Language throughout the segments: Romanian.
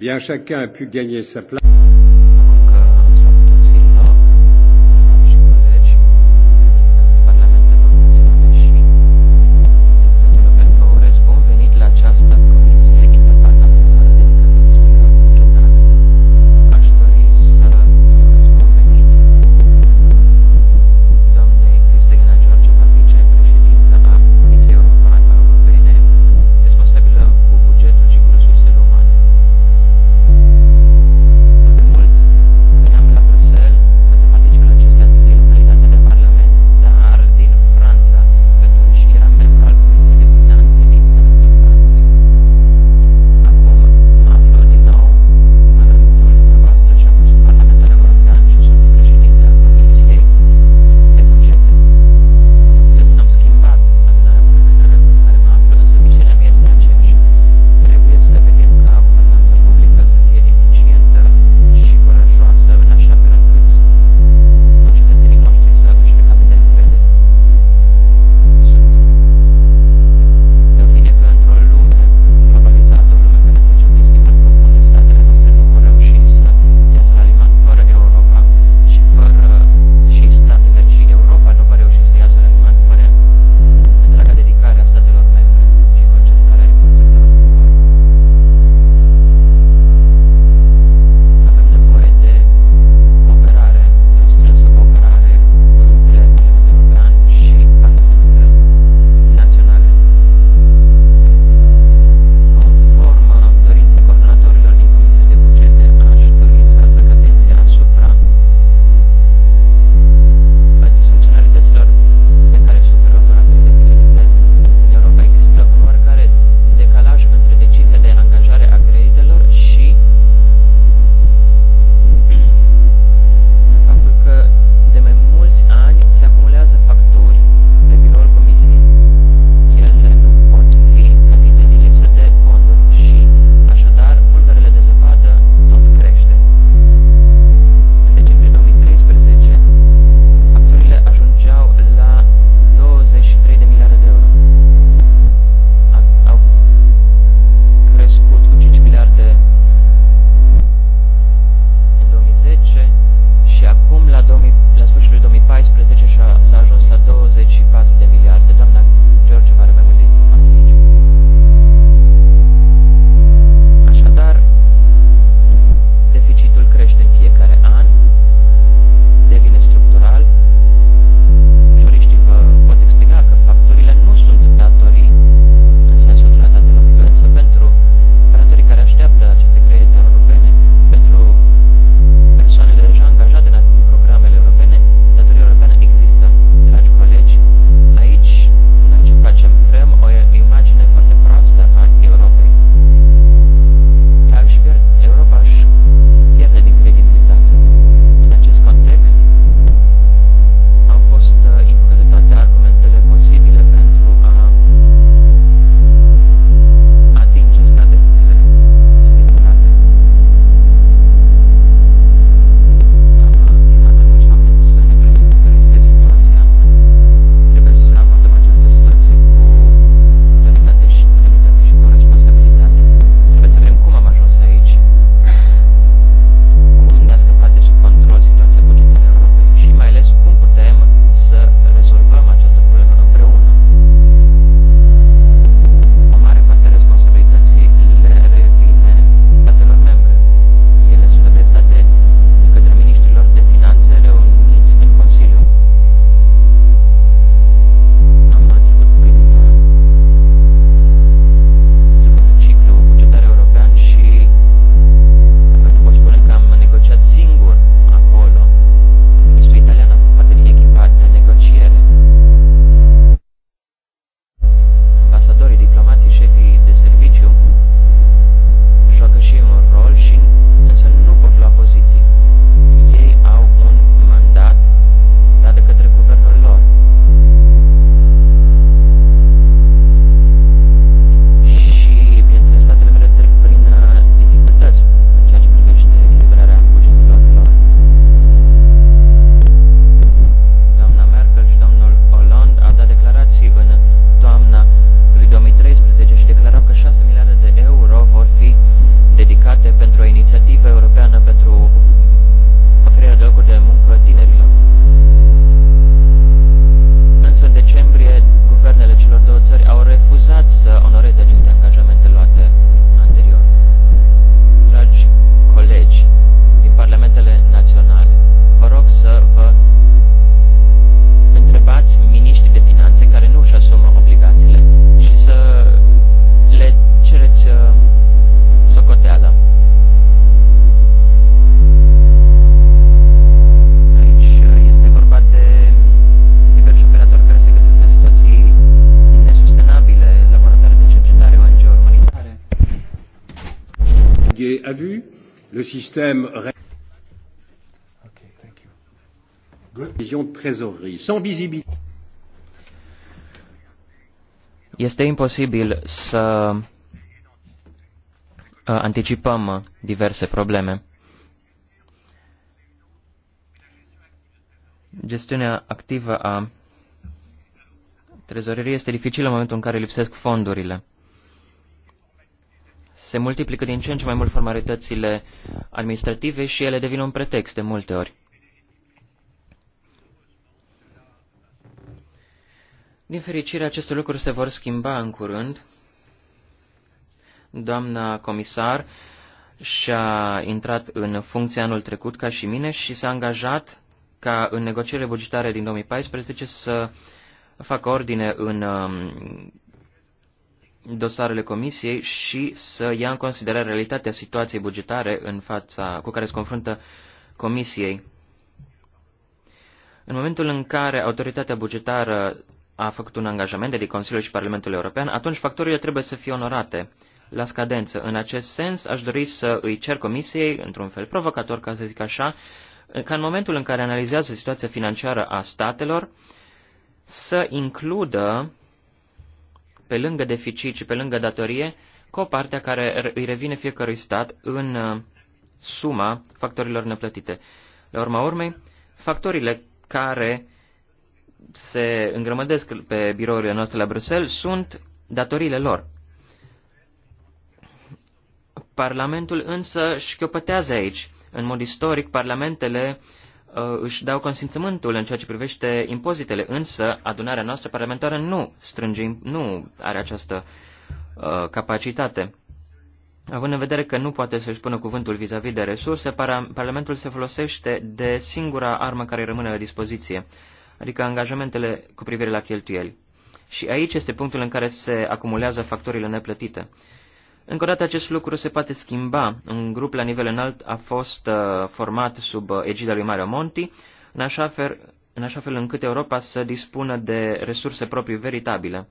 Bien, chacun a pu gagner sa place. système sans visibilité. Este imposibil să uh, anticipăm diverse probleme. Gestiunea activă a trezoreriei este dificilă în momentul în care lipsesc fondurile se multiplică din ce în ce mai mult formalitățile administrative și ele devin un pretext de multe ori. Din fericire, aceste lucruri se vor schimba în curând. Doamna comisar și-a intrat în funcție anul trecut ca și mine și s-a angajat ca în negocierile bugetare din 2014 să facă ordine în um, dosarele comisiei și să ia în considerare realitatea situației bugetare în fața, cu care se confruntă comisiei. În momentul în care autoritatea bugetară a făcut un angajament, de Consiliul și Parlamentul European, atunci factorile trebuie să fie onorate la scadență. În acest sens, aș dori să îi cer comisiei, într-un fel provocator, ca să zic așa, ca în momentul în care analizează situația financiară a statelor, să includă pe lângă deficit și pe lângă datorie, cu o parte care îi revine fiecărui stat în uh, suma factorilor neplătite. La urma urmei, factorile care se îngrămădesc pe birourile noastre la Bruxelles sunt datoriile lor. Parlamentul însă șchiopătează aici. În mod istoric, parlamentele Uh, își dau consimțământul în ceea ce privește impozitele, însă adunarea noastră parlamentară nu strânge, nu are această uh, capacitate. Având în vedere că nu poate să-și pună cuvântul vis-a-vis -vis de resurse, Parlamentul se folosește de singura armă care rămâne la dispoziție, adică angajamentele cu privire la cheltuieli. Și aici este punctul în care se acumulează factorile neplătite. Încă o dată acest lucru se poate schimba. Un grup la nivel înalt a fost uh, format sub uh, egida lui Mario Monti, în așa, fel, în așa fel încât Europa să dispună de resurse proprii veritabile.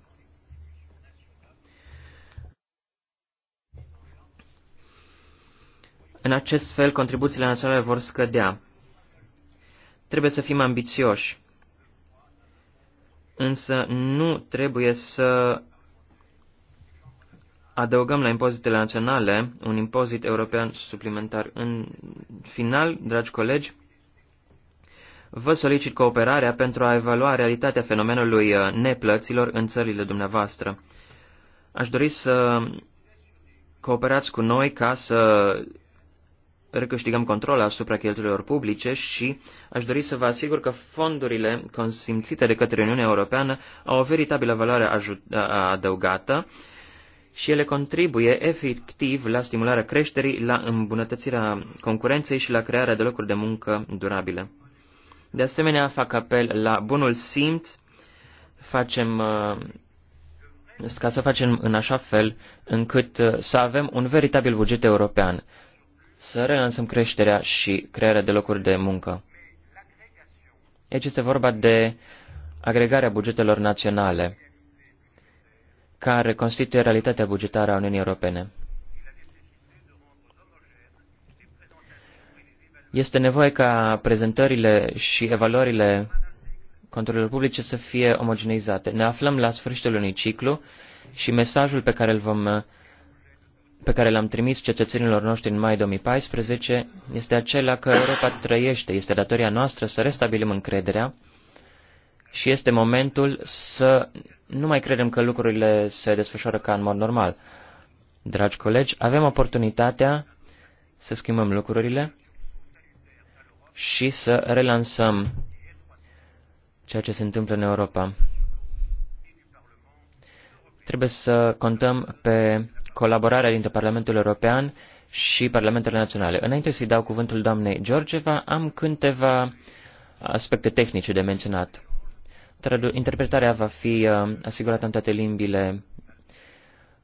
În acest fel, contribuțiile naționale vor scădea. Trebuie să fim ambițioși, însă nu trebuie să adăugăm la impozitele naționale un impozit european suplimentar. În final, dragi colegi, vă solicit cooperarea pentru a evalua realitatea fenomenului uh, neplăților în țările dumneavoastră. Aș dori să cooperați cu noi ca să recâștigăm control asupra cheltuielor publice și aș dori să vă asigur că fondurile consimțite de către Uniunea Europeană au o veritabilă valoare adăugată și ele contribuie efectiv la stimularea creșterii, la îmbunătățirea concurenței și la crearea de locuri de muncă durabile. De asemenea, fac apel la bunul simț, facem uh, ca să facem în așa fel încât uh, să avem un veritabil buget european, să relansăm creșterea și crearea de locuri de muncă. Aici este vorba de agregarea bugetelor naționale care constituie realitatea bugetară a Uniunii Europene. Este nevoie ca prezentările și evaluările controlului publice să fie omogeneizate. Ne aflăm la sfârșitul unui ciclu și mesajul pe care îl vom pe care l-am trimis cetățenilor noștri în mai 2014 este acela că Europa trăiește, este datoria noastră să restabilim încrederea și este momentul să nu mai credem că lucrurile se desfășoară ca în mod normal. Dragi colegi, avem oportunitatea să schimbăm lucrurile și să relansăm ceea ce se întâmplă în Europa. Trebuie să contăm pe colaborarea dintre Parlamentul European și Parlamentele Naționale. Înainte să-i dau cuvântul doamnei Georgeva, am câteva aspecte tehnice de menționat interpretarea va fi uh, asigurată în toate limbile,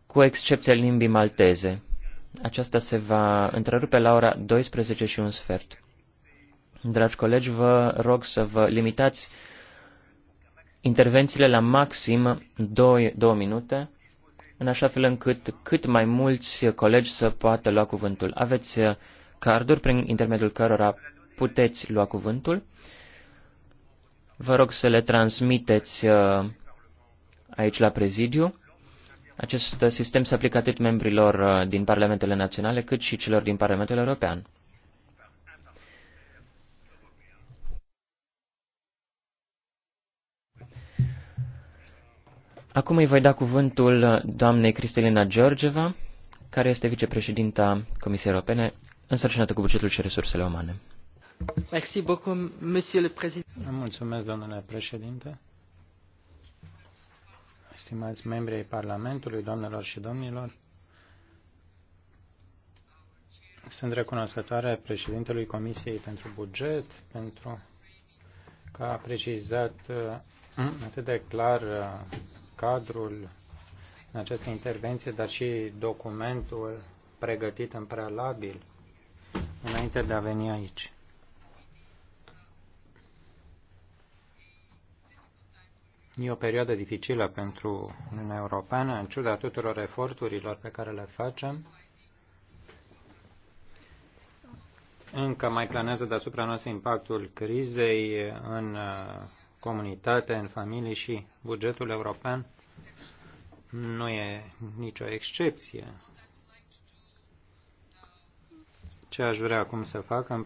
cu excepția limbii malteze. Aceasta se va întrerupe la ora 12 și un sfert. Dragi colegi, vă rog să vă limitați intervențiile la maxim 2, 2 minute, în așa fel încât cât mai mulți colegi să poată lua cuvântul. Aveți carduri prin intermediul cărora puteți lua cuvântul. Vă rog să le transmiteți uh, aici la prezidiu. Acest uh, sistem se aplică atât membrilor uh, din Parlamentele Naționale, cât și celor din Parlamentul European. Acum îi voi da cuvântul doamnei Cristelina Georgeva, care este vicepreședinta Comisiei Europene, însărcinată cu bugetul și resursele umane. Mulțumesc, domnule președinte. Stimați membri ai Parlamentului, doamnelor și domnilor, sunt recunoscătoare președintelui Comisiei pentru Buget pentru că a precizat uh, atât de clar uh, cadrul în această intervenție, dar și documentul pregătit în prealabil înainte de a veni aici. E o perioadă dificilă pentru Uniunea Europeană, în ciuda tuturor eforturilor pe care le facem. Încă mai planează deasupra noastră impactul crizei în uh, comunitate, în familii și bugetul european nu e nicio excepție. Ce aș vrea acum să fac, în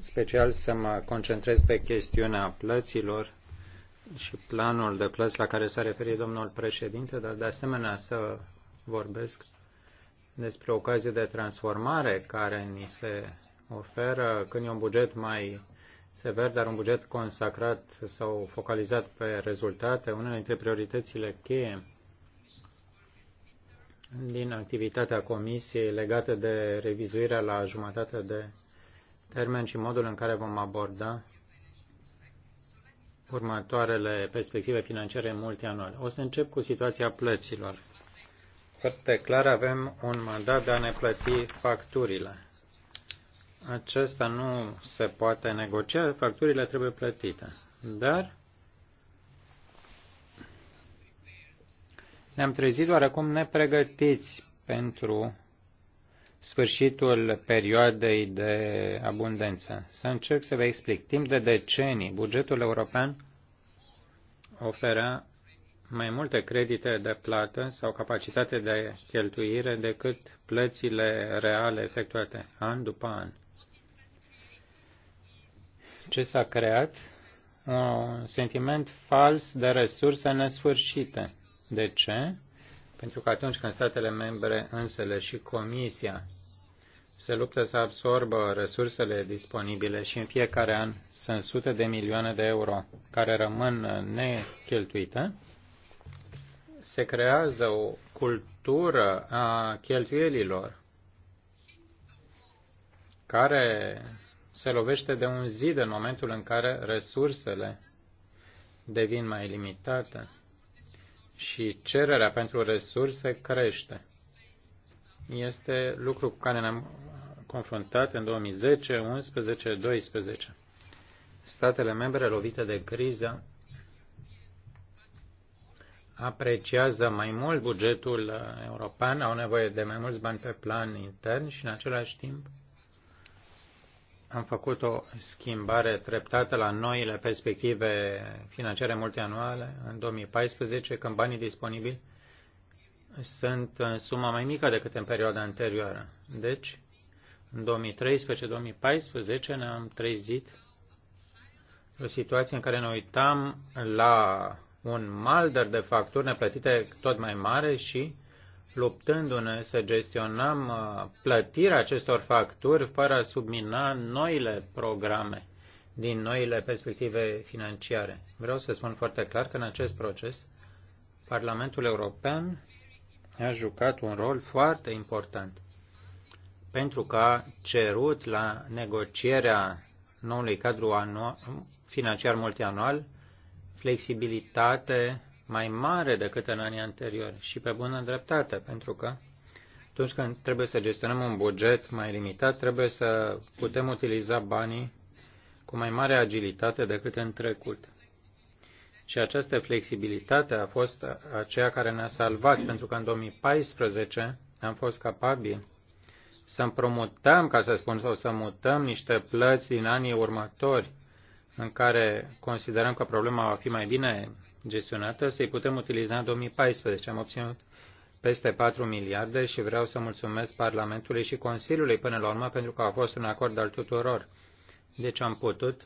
special să mă concentrez pe chestiunea plăților și planul de plăți la care s-a referit domnul președinte, dar de asemenea să vorbesc despre ocazie de transformare care ni se oferă când e un buget mai sever, dar un buget consacrat sau focalizat pe rezultate, una dintre prioritățile cheie din activitatea comisiei legată de revizuirea la jumătate de termen și modul în care vom aborda următoarele perspective financiare multianuale. O să încep cu situația plăților. Foarte clar avem un mandat de a ne plăti facturile. Acesta nu se poate negocia, facturile trebuie plătite. Dar ne-am trezit doar acum nepregătiți pentru sfârșitul perioadei de abundență. Să încerc să vă explic. Timp de decenii, bugetul european oferă mai multe credite de plată sau capacitate de cheltuire decât plățile reale efectuate an după an. Ce s-a creat? Un sentiment fals de resurse nesfârșite. De ce? Pentru că atunci când statele membre însele și Comisia se luptă să absorbă resursele disponibile și în fiecare an sunt sute de milioane de euro care rămân necheltuite, se creează o cultură a cheltuielilor care se lovește de un zid în momentul în care resursele devin mai limitate și cererea pentru resurse crește. Este lucru cu care ne-am confruntat în 2010, 11, 12. Statele membre lovite de criză apreciază mai mult bugetul uh, european, au nevoie de mai mulți bani pe plan intern și în același timp am făcut o schimbare treptată la noile perspective financiare multianuale în 2014, când banii disponibili sunt în suma mai mică decât în perioada anterioară. Deci, în 2013-2014 ne-am trezit o situație în care ne uitam la un malder de facturi neplătite tot mai mare și luptându-ne să gestionăm uh, plătirea acestor facturi fără a submina noile programe din noile perspective financiare. Vreau să spun foarte clar că în acest proces Parlamentul European a jucat un rol foarte important pentru că a cerut la negocierea noului cadru anual, financiar multianual flexibilitate mai mare decât în anii anteriori și pe bună dreptate, pentru că atunci când trebuie să gestionăm un buget mai limitat, trebuie să putem utiliza banii cu mai mare agilitate decât în trecut. Și această flexibilitate a fost aceea care ne-a salvat, pentru că în 2014 am fost capabili să împrumutăm, ca să spun, sau să mutăm niște plăți din anii următori în care considerăm că problema va fi mai bine gestionată, să-i putem utiliza în 2014. Am obținut peste 4 miliarde și vreau să mulțumesc Parlamentului și Consiliului până la urmă pentru că a fost un acord al tuturor. Deci am putut,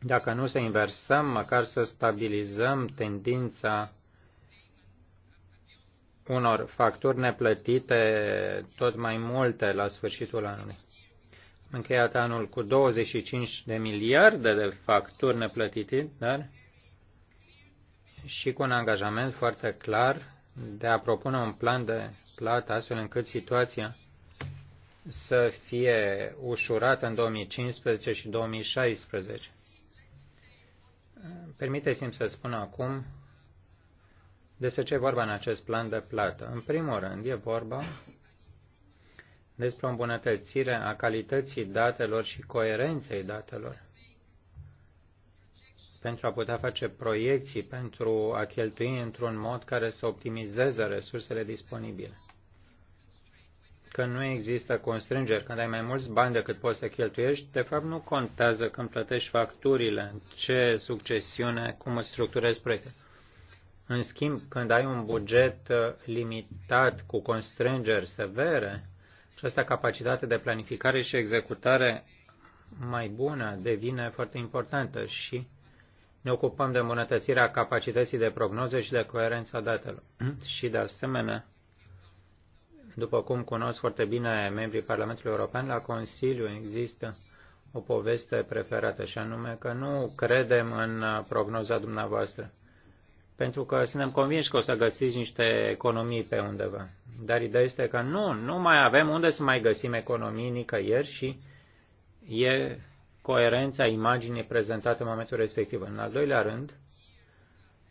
dacă nu să inversăm, măcar să stabilizăm tendința unor facturi neplătite tot mai multe la sfârșitul anului încheiat anul cu 25 de miliarde de facturi neplătite, dar și cu un angajament foarte clar de a propune un plan de plată astfel încât situația să fie ușurată în 2015 și 2016. Permiteți-mi să spun acum despre ce e vorba în acest plan de plată. În primul rând, e vorba despre o îmbunătățire a calității datelor și coerenței datelor pentru a putea face proiecții, pentru a cheltui într-un mod care să optimizeze resursele disponibile. Când nu există constrângeri, când ai mai mulți bani decât poți să cheltuiești, de fapt nu contează când plătești facturile, ce succesiune, cum îți structurezi proiectul. În schimb, când ai un buget uh, limitat cu constrângeri severe, această capacitate de planificare și executare mai bună devine foarte importantă și ne ocupăm de îmbunătățirea capacității de prognoză și de coerența datelor. și, de asemenea, după cum cunosc foarte bine membrii Parlamentului European, la Consiliu există o poveste preferată, și anume că nu credem în prognoza dumneavoastră pentru că suntem convinși că o să găsiți niște economii pe undeva. Dar ideea este că nu, nu mai avem unde să mai găsim economii nicăieri și e coerența imaginii prezentate în momentul respectiv. În al doilea rând,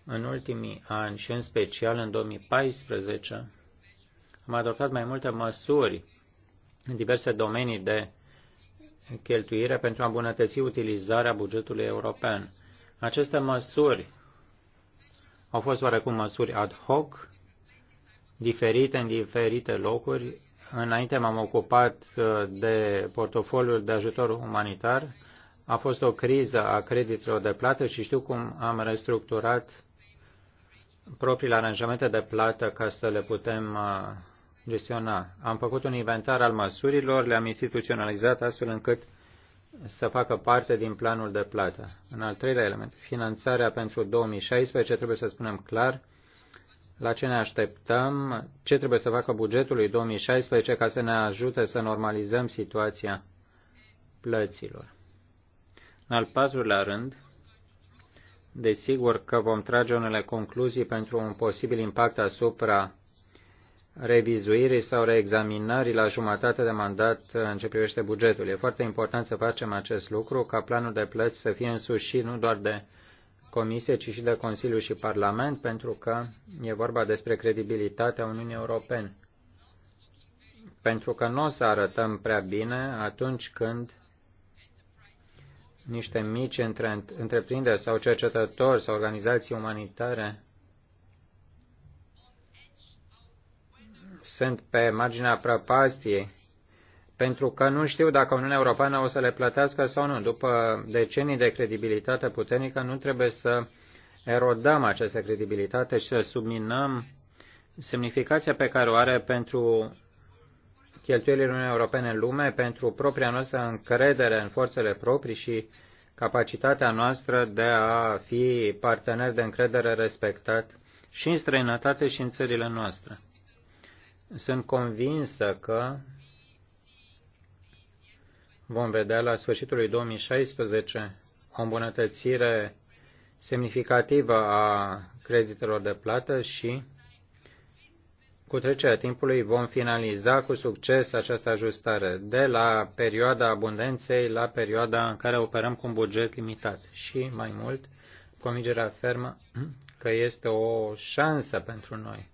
în ultimii ani și în special în 2014, am adoptat mai multe măsuri în diverse domenii de cheltuire pentru a îmbunătăți utilizarea bugetului european. Aceste măsuri au fost oarecum măsuri ad hoc, diferite în diferite locuri. Înainte m-am ocupat uh, de portofoliul de ajutor umanitar. A fost o criză a creditelor de plată și știu cum am restructurat propriile aranjamente de plată ca să le putem uh, gestiona. Am făcut un inventar al măsurilor, le-am instituționalizat astfel încât să facă parte din planul de plată. În al treilea element, finanțarea pentru 2016, trebuie să spunem clar la ce ne așteptăm, ce trebuie să facă bugetul lui 2016 ca să ne ajute să normalizăm situația plăților. În al patrulea rând, desigur că vom trage unele concluzii pentru un posibil impact asupra revizuirii sau reexaminării la jumătate de mandat în ce privește bugetul. E foarte important să facem acest lucru ca planul de plăți să fie însuși nu doar de Comisie, ci și de Consiliu și Parlament, pentru că e vorba despre credibilitatea Uniunii Europene. Pentru că nu o să arătăm prea bine atunci când niște mici între, întreprinderi sau cercetători sau organizații umanitare sunt pe marginea prăpastiei, pentru că nu știu dacă Uniunea Europeană o să le plătească sau nu. După decenii de credibilitate puternică, nu trebuie să erodăm această credibilitate și să subminăm semnificația pe care o are pentru cheltuielile Uniunii Europene în lume, pentru propria noastră încredere în forțele proprii și capacitatea noastră de a fi partener de încredere respectat și în străinătate și în țările noastre. Sunt convinsă că vom vedea la sfârșitul lui 2016 o îmbunătățire semnificativă a creditelor de plată și cu trecerea timpului vom finaliza cu succes această ajustare de la perioada abundenței la perioada în care operăm cu un buget limitat și mai mult convingerea fermă că este o șansă pentru noi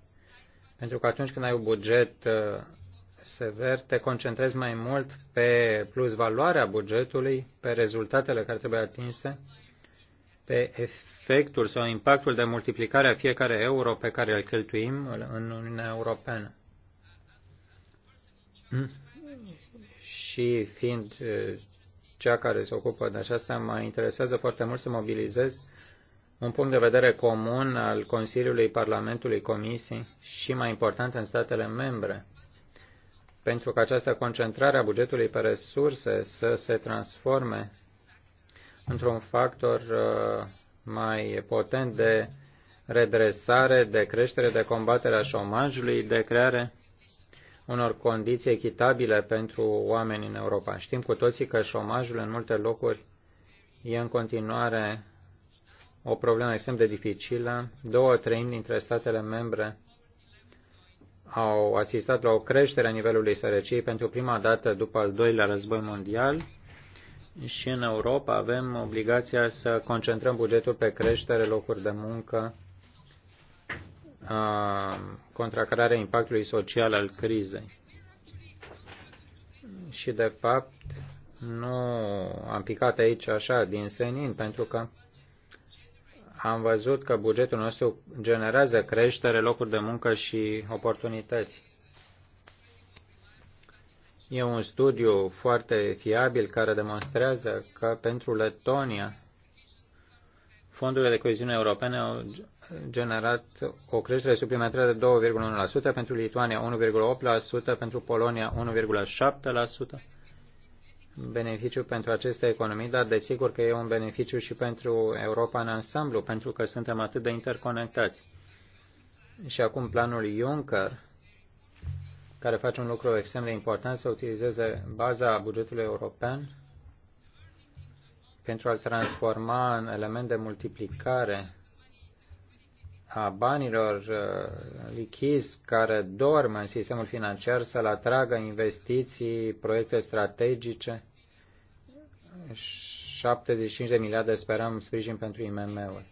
pentru că atunci când ai un buget uh, sever, te concentrezi mai mult pe plus valoarea bugetului, pe rezultatele care trebuie atinse, pe efectul sau impactul de multiplicare a fiecare euro pe care îl cheltuim în Uniunea Europeană. Și fiind uh, cea care se ocupă de aceasta, mă interesează foarte mult să mobilizez un punct de vedere comun al Consiliului, Parlamentului, Comisiei și, mai important, în statele membre, pentru că această concentrare a bugetului pe resurse să se transforme într-un factor uh, mai potent de redresare, de creștere, de combatere a șomajului, de creare unor condiții echitabile pentru oameni în Europa. Știm cu toții că șomajul în multe locuri e în continuare o problemă extrem de dificilă. Două treimi dintre statele membre au asistat la o creștere a nivelului sărăciei pentru prima dată după al doilea război mondial și în Europa avem obligația să concentrăm bugetul pe creștere, locuri de muncă, uh, contracararea impactului social al crizei. Și, de fapt, nu am picat aici așa din senin, pentru că am văzut că bugetul nostru generează creștere, locuri de muncă și oportunități. E un studiu foarte fiabil care demonstrează că pentru Letonia fondurile de coeziune europene au generat o creștere suplimentară de 2,1%, pentru Lituania 1,8%, pentru Polonia 1,7%, beneficiu pentru aceste economii, dar desigur că e un beneficiu și pentru Europa în ansamblu, pentru că suntem atât de interconectați. Și acum planul Juncker, care face un lucru extrem de important, să utilizeze baza bugetului european pentru a-l transforma în element de multiplicare a banilor uh, lichizi care dorm în sistemul financiar să-l atragă investiții, proiecte strategice. 75 de miliarde sperăm sprijin pentru IMM-uri.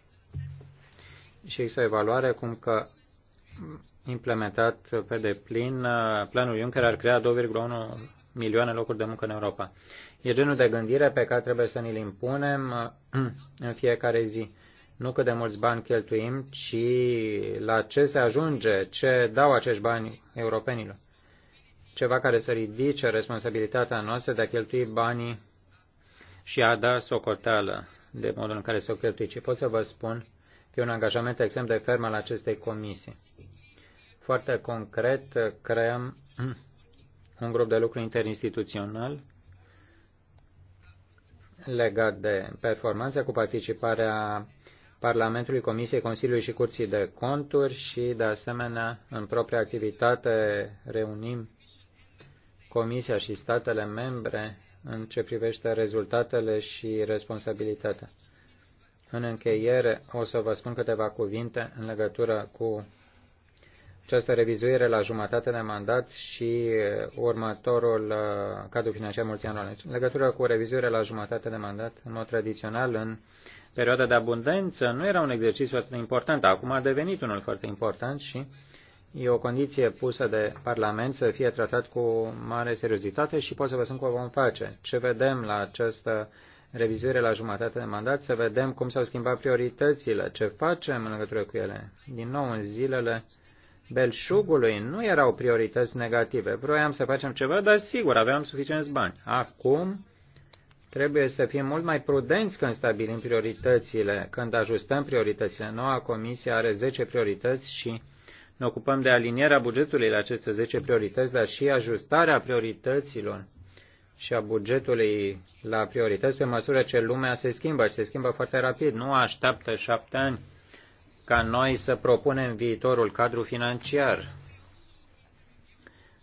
Și există o evaluare cum că implementat pe deplin, uh, planul Juncker ar crea 2,1 milioane locuri de muncă în Europa. E genul de gândire pe care trebuie să ne-l impunem uh, în fiecare zi nu cât de mulți bani cheltuim, ci la ce se ajunge, ce dau acești bani europenilor. Ceva care să ridice responsabilitatea noastră de a cheltui banii și a da socoteală de modul în care se o cheltui. Și pot să vă spun că e un angajament extrem de ferm al acestei comisii. Foarte concret, creăm un grup de lucru interinstituțional legat de performanță cu participarea Parlamentului, Comisiei, Consiliului și Curții de Conturi și, de asemenea, în propria activitate reunim Comisia și statele membre în ce privește rezultatele și responsabilitatea. În încheiere, o să vă spun câteva cuvinte în legătură cu această revizuire la jumătate de mandat și uh, următorul uh, cadru financiar multianual. Deci, în legătură cu revizuirea la jumătate de mandat, în mod tradițional, în perioada de abundență, nu era un exercițiu atât de important. Acum a devenit unul foarte important și e o condiție pusă de Parlament să fie tratat cu mare seriozitate și pot să vă spun cum vom face. Ce vedem la această revizuire la jumătate de mandat, să vedem cum s-au schimbat prioritățile, ce facem în legătură cu ele. Din nou, în zilele belșugului nu erau priorități negative. Vroiam să facem ceva, dar sigur, aveam suficienți bani. Acum trebuie să fim mult mai prudenți când stabilim prioritățile, când ajustăm prioritățile. Noua comisie are 10 priorități și ne ocupăm de alinierea bugetului la aceste 10 priorități, dar și ajustarea priorităților și a bugetului la priorități pe măsură ce lumea se schimbă și se schimbă foarte rapid. Nu așteaptă șapte ani ca noi să propunem viitorul cadru financiar.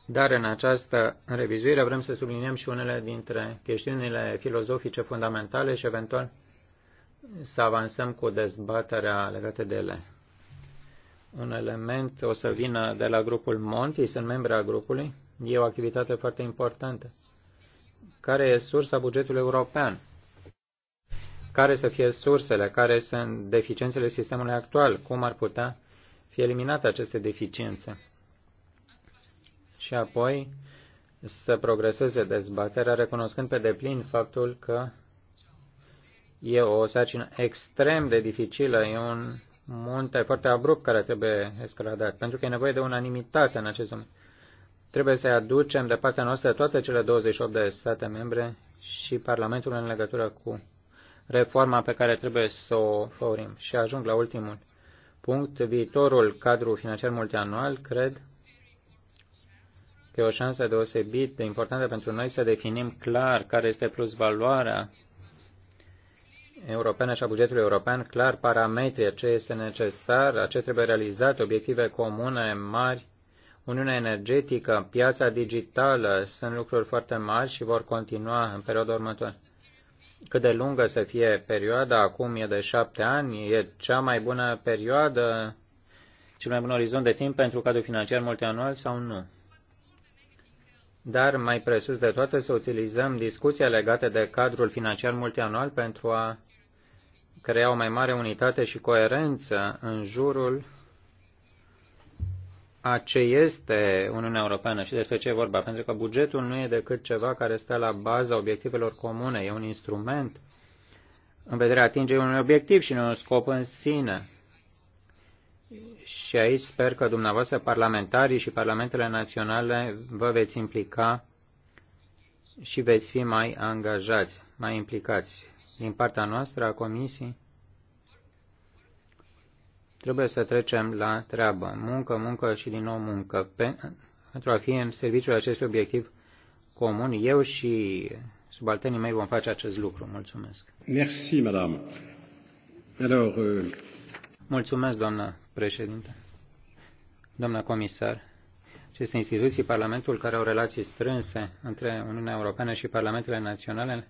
Dar în această revizuire vrem să subliniem și unele dintre chestiunile filozofice fundamentale și eventual să avansăm cu dezbaterea legată de ele. Un element o să vină de la grupul Monti, sunt membri a grupului, e o activitate foarte importantă. Care e sursa bugetului european? care să fie sursele, care sunt deficiențele sistemului actual, cum ar putea fi eliminate aceste deficiențe. Și apoi să progreseze dezbaterea recunoscând pe deplin faptul că e o sarcină extrem de dificilă, e un munte foarte abrupt care trebuie escaladat, pentru că e nevoie de unanimitate în acest moment. Trebuie să aducem de partea noastră toate cele 28 de state membre și Parlamentul în legătură cu reforma pe care trebuie să o făurim. Și ajung la ultimul punct. Viitorul cadru financiar multianual, cred că e o șansă deosebit de importantă pentru noi să definim clar care este plus valoarea europeană și a bugetului european, clar parametrii, ce este necesar, ce trebuie realizat, obiective comune mari Uniunea energetică, piața digitală sunt lucruri foarte mari și vor continua în perioada următoare cât de lungă să fie perioada, acum e de șapte ani, e cea mai bună perioadă, cel mai bun orizont de timp pentru cadrul financiar multianual sau nu? Dar mai presus de toate să utilizăm discuția legată de cadrul financiar multianual pentru a crea o mai mare unitate și coerență în jurul a ce este Uniunea Europeană și despre ce e vorba, pentru că bugetul nu e decât ceva care stă la baza obiectivelor comune, e un instrument în vederea atingerii unui obiectiv și nu un scop în sine. Și aici sper că dumneavoastră parlamentarii și parlamentele naționale vă veți implica și veți fi mai angajați, mai implicați. Din partea noastră a Comisiei, Trebuie să trecem la treabă. Muncă, muncă și din nou muncă. Pentru a fi în serviciul acestui obiectiv comun, eu și subalternii mei vom face acest lucru. Mulțumesc. Merci, madame. Alors, euh... Mulțumesc, doamnă președinte. Doamnă comisar, aceste instituții, Parlamentul, care au relații strânse între Uniunea Europeană și Parlamentele Naționale,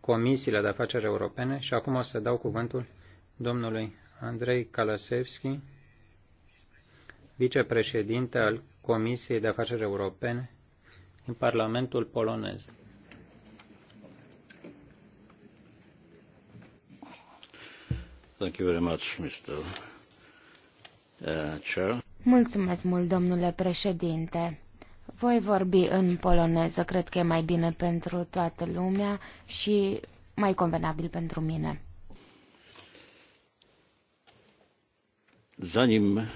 Comisiile de Afaceri Europene și acum o să dau cuvântul domnului Andrei Kalasevski, vicepreședinte al Comisiei de Afaceri Europene din Parlamentul polonez. Thank you very much, Mr. Uh, Chair. Mulțumesc mult, domnule președinte. Voi vorbi în poloneză, cred că e mai bine pentru toată lumea și mai convenabil pentru mine. zanim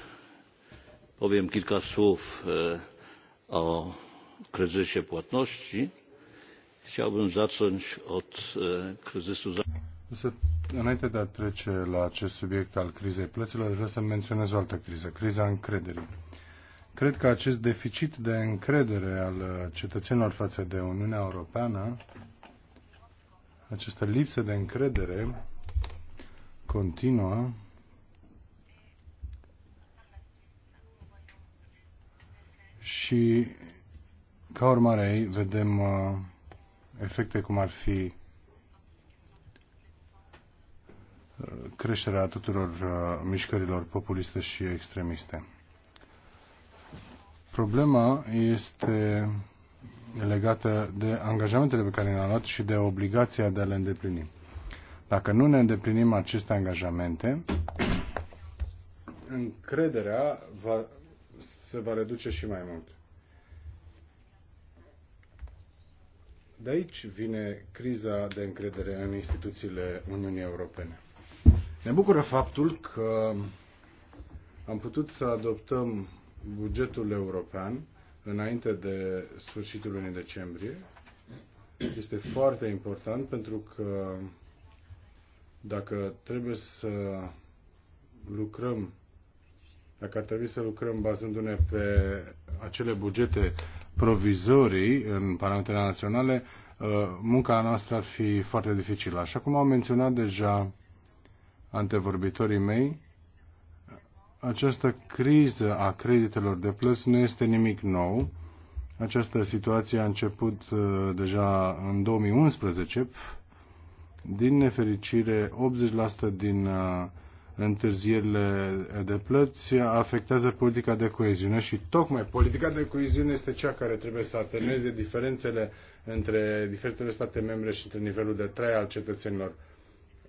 powiem kilka słów o kryzysie płatności chciałbym zacząć od kryzysu Înainte de a trece la acest subiect al crizei plăților, vreau să menționez o altă criză, criza încrederii. Cred că acest deficit de încredere al uh, cetățenilor față de Uniunea Europeană, această lipsă de încredere continuă și ca urmare ei vedem uh, efecte cum ar fi uh, creșterea tuturor uh, mișcărilor populiste și extremiste. Problema este legată de angajamentele pe care le-am luat și de obligația de a le îndeplini. Dacă nu ne îndeplinim aceste angajamente, încrederea va se va reduce și mai mult. De aici vine criza de încredere în instituțiile Uniunii Europene. Ne bucură faptul că am putut să adoptăm bugetul european înainte de sfârșitul lunii decembrie. Este foarte important pentru că dacă trebuie să lucrăm dacă ar trebui să lucrăm bazându-ne pe acele bugete provizorii în parametrele Naționale, uh, munca noastră ar fi foarte dificilă. Așa cum au menționat deja antevorbitorii mei, această criză a creditelor de plus nu este nimic nou. Această situație a început uh, deja în 2011. Din nefericire, 80% din uh, întârzierile de plăți afectează politica de coeziune și tocmai politica de coeziune este cea care trebuie să ateneze diferențele între diferitele state membre și între nivelul de trai al cetățenilor.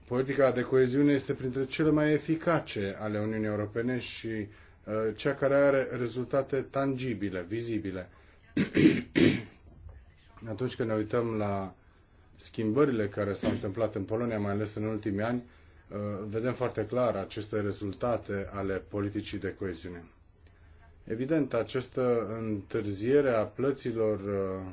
Politica de coeziune este printre cele mai eficace ale Uniunii Europene și uh, cea care are rezultate tangibile, vizibile. Atunci când ne uităm la schimbările care s-au întâmplat în Polonia, mai ales în ultimii ani, Uh, vedem foarte clar aceste rezultate ale politicii de coeziune. Evident, această întârziere a plăților uh,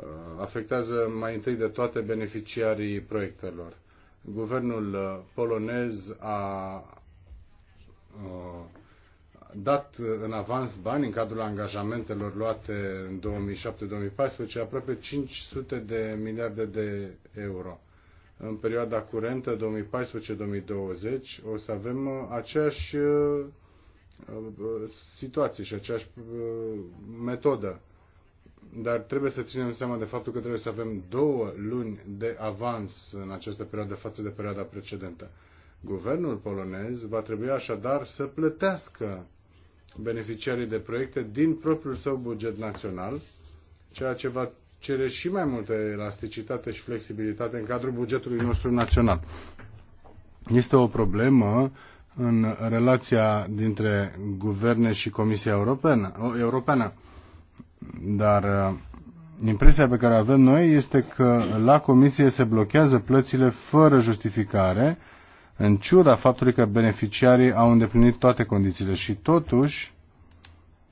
uh, afectează mai întâi de toate beneficiarii proiectelor. Guvernul polonez a dat în avans bani în cadrul angajamentelor luate în 2007-2014, aproape 500 de miliarde de euro. În perioada curentă 2014-2020 o să avem uh, aceeași uh, uh, situație și aceeași metodă. Dar trebuie să ținem seama de faptul că trebuie să avem două luni de avans în această perioadă față de perioada precedentă. Guvernul polonez va trebui așadar să plătească beneficiarii de proiecte din propriul său buget național, ceea ce va cere și mai multă elasticitate și flexibilitate în cadrul bugetului nostru național. Este o problemă în relația dintre guverne și Comisia Europeană. Europeană. Dar uh, impresia pe care o avem noi este că la Comisie se blochează plățile fără justificare, în ciuda faptului că beneficiarii au îndeplinit toate condițiile și totuși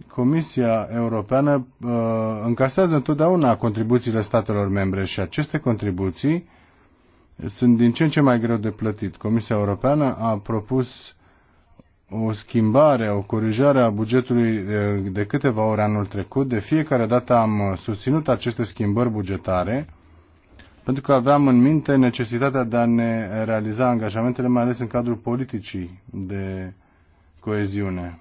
Comisia Europeană uh, încasează întotdeauna contribuțiile statelor membre și aceste contribuții sunt din ce în ce mai greu de plătit. Comisia Europeană a propus o schimbare, o corijare a bugetului uh, de câteva ori anul trecut. De fiecare dată am uh, susținut aceste schimbări bugetare pentru că aveam în minte necesitatea de a ne realiza angajamentele, mai ales în cadrul politicii de coeziune.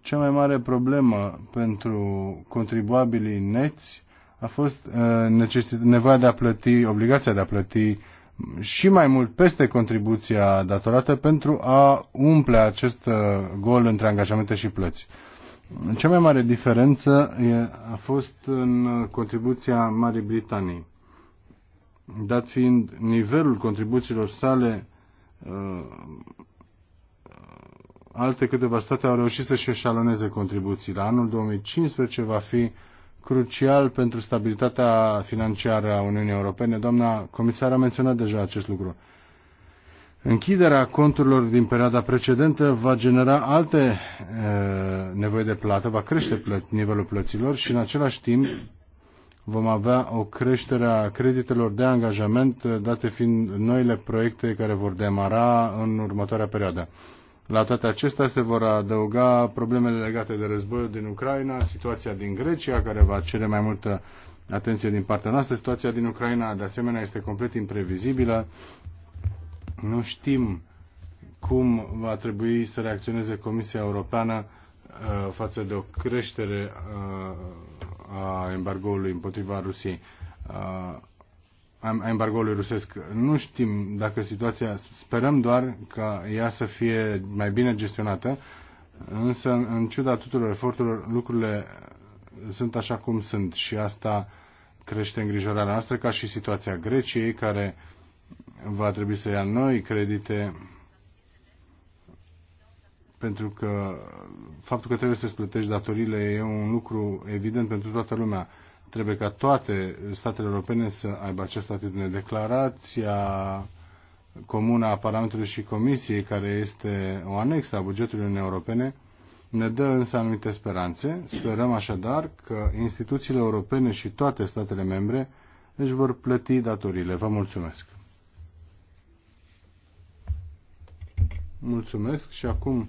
Cea mai mare problemă pentru contribuabilii neți a fost uh, nevoia de a plăti, obligația de a plăti și mai mult peste contribuția datorată pentru a umple acest uh, gol între angajamente și plăți. Cea mai mare diferență a fost în contribuția Marii Britanii. Dat fiind nivelul contribuțiilor sale, uh, alte câteva state au reușit să-și eșaloneze contribuțiile. Anul 2015 va fi crucial pentru stabilitatea financiară a Uniunii Europene. Doamna comisar a menționat deja acest lucru. Închiderea conturilor din perioada precedentă va genera alte e, nevoi de plată, va crește plăt, nivelul plăților și în același timp vom avea o creștere a creditelor de angajament, date fiind noile proiecte care vor demara în următoarea perioadă. La toate acestea se vor adăuga problemele legate de războiul din Ucraina, situația din Grecia, care va cere mai multă atenție din partea noastră. Situația din Ucraina, de asemenea, este complet imprevizibilă nu știm cum va trebui să reacționeze Comisia Europeană uh, față de o creștere uh, a embargoului împotriva Rusiei, uh, a embargoului rusesc. Nu știm dacă situația, sperăm doar ca ea să fie mai bine gestionată, însă în ciuda tuturor eforturilor lucrurile sunt așa cum sunt și asta crește îngrijorarea noastră ca și situația Greciei care uh, va trebui să ia noi credite pentru că faptul că trebuie să-ți plătești datoriile e un lucru evident pentru toată lumea. Trebuie ca toate statele europene să aibă această atitudine. Declarația comună a Parlamentului și Comisiei, care este o anexă a bugetului Uniunii Europene, ne dă însă anumite speranțe. Sperăm așadar că instituțiile europene și toate statele membre își vor plăti datoriile. Vă mulțumesc! Mulțumesc și acum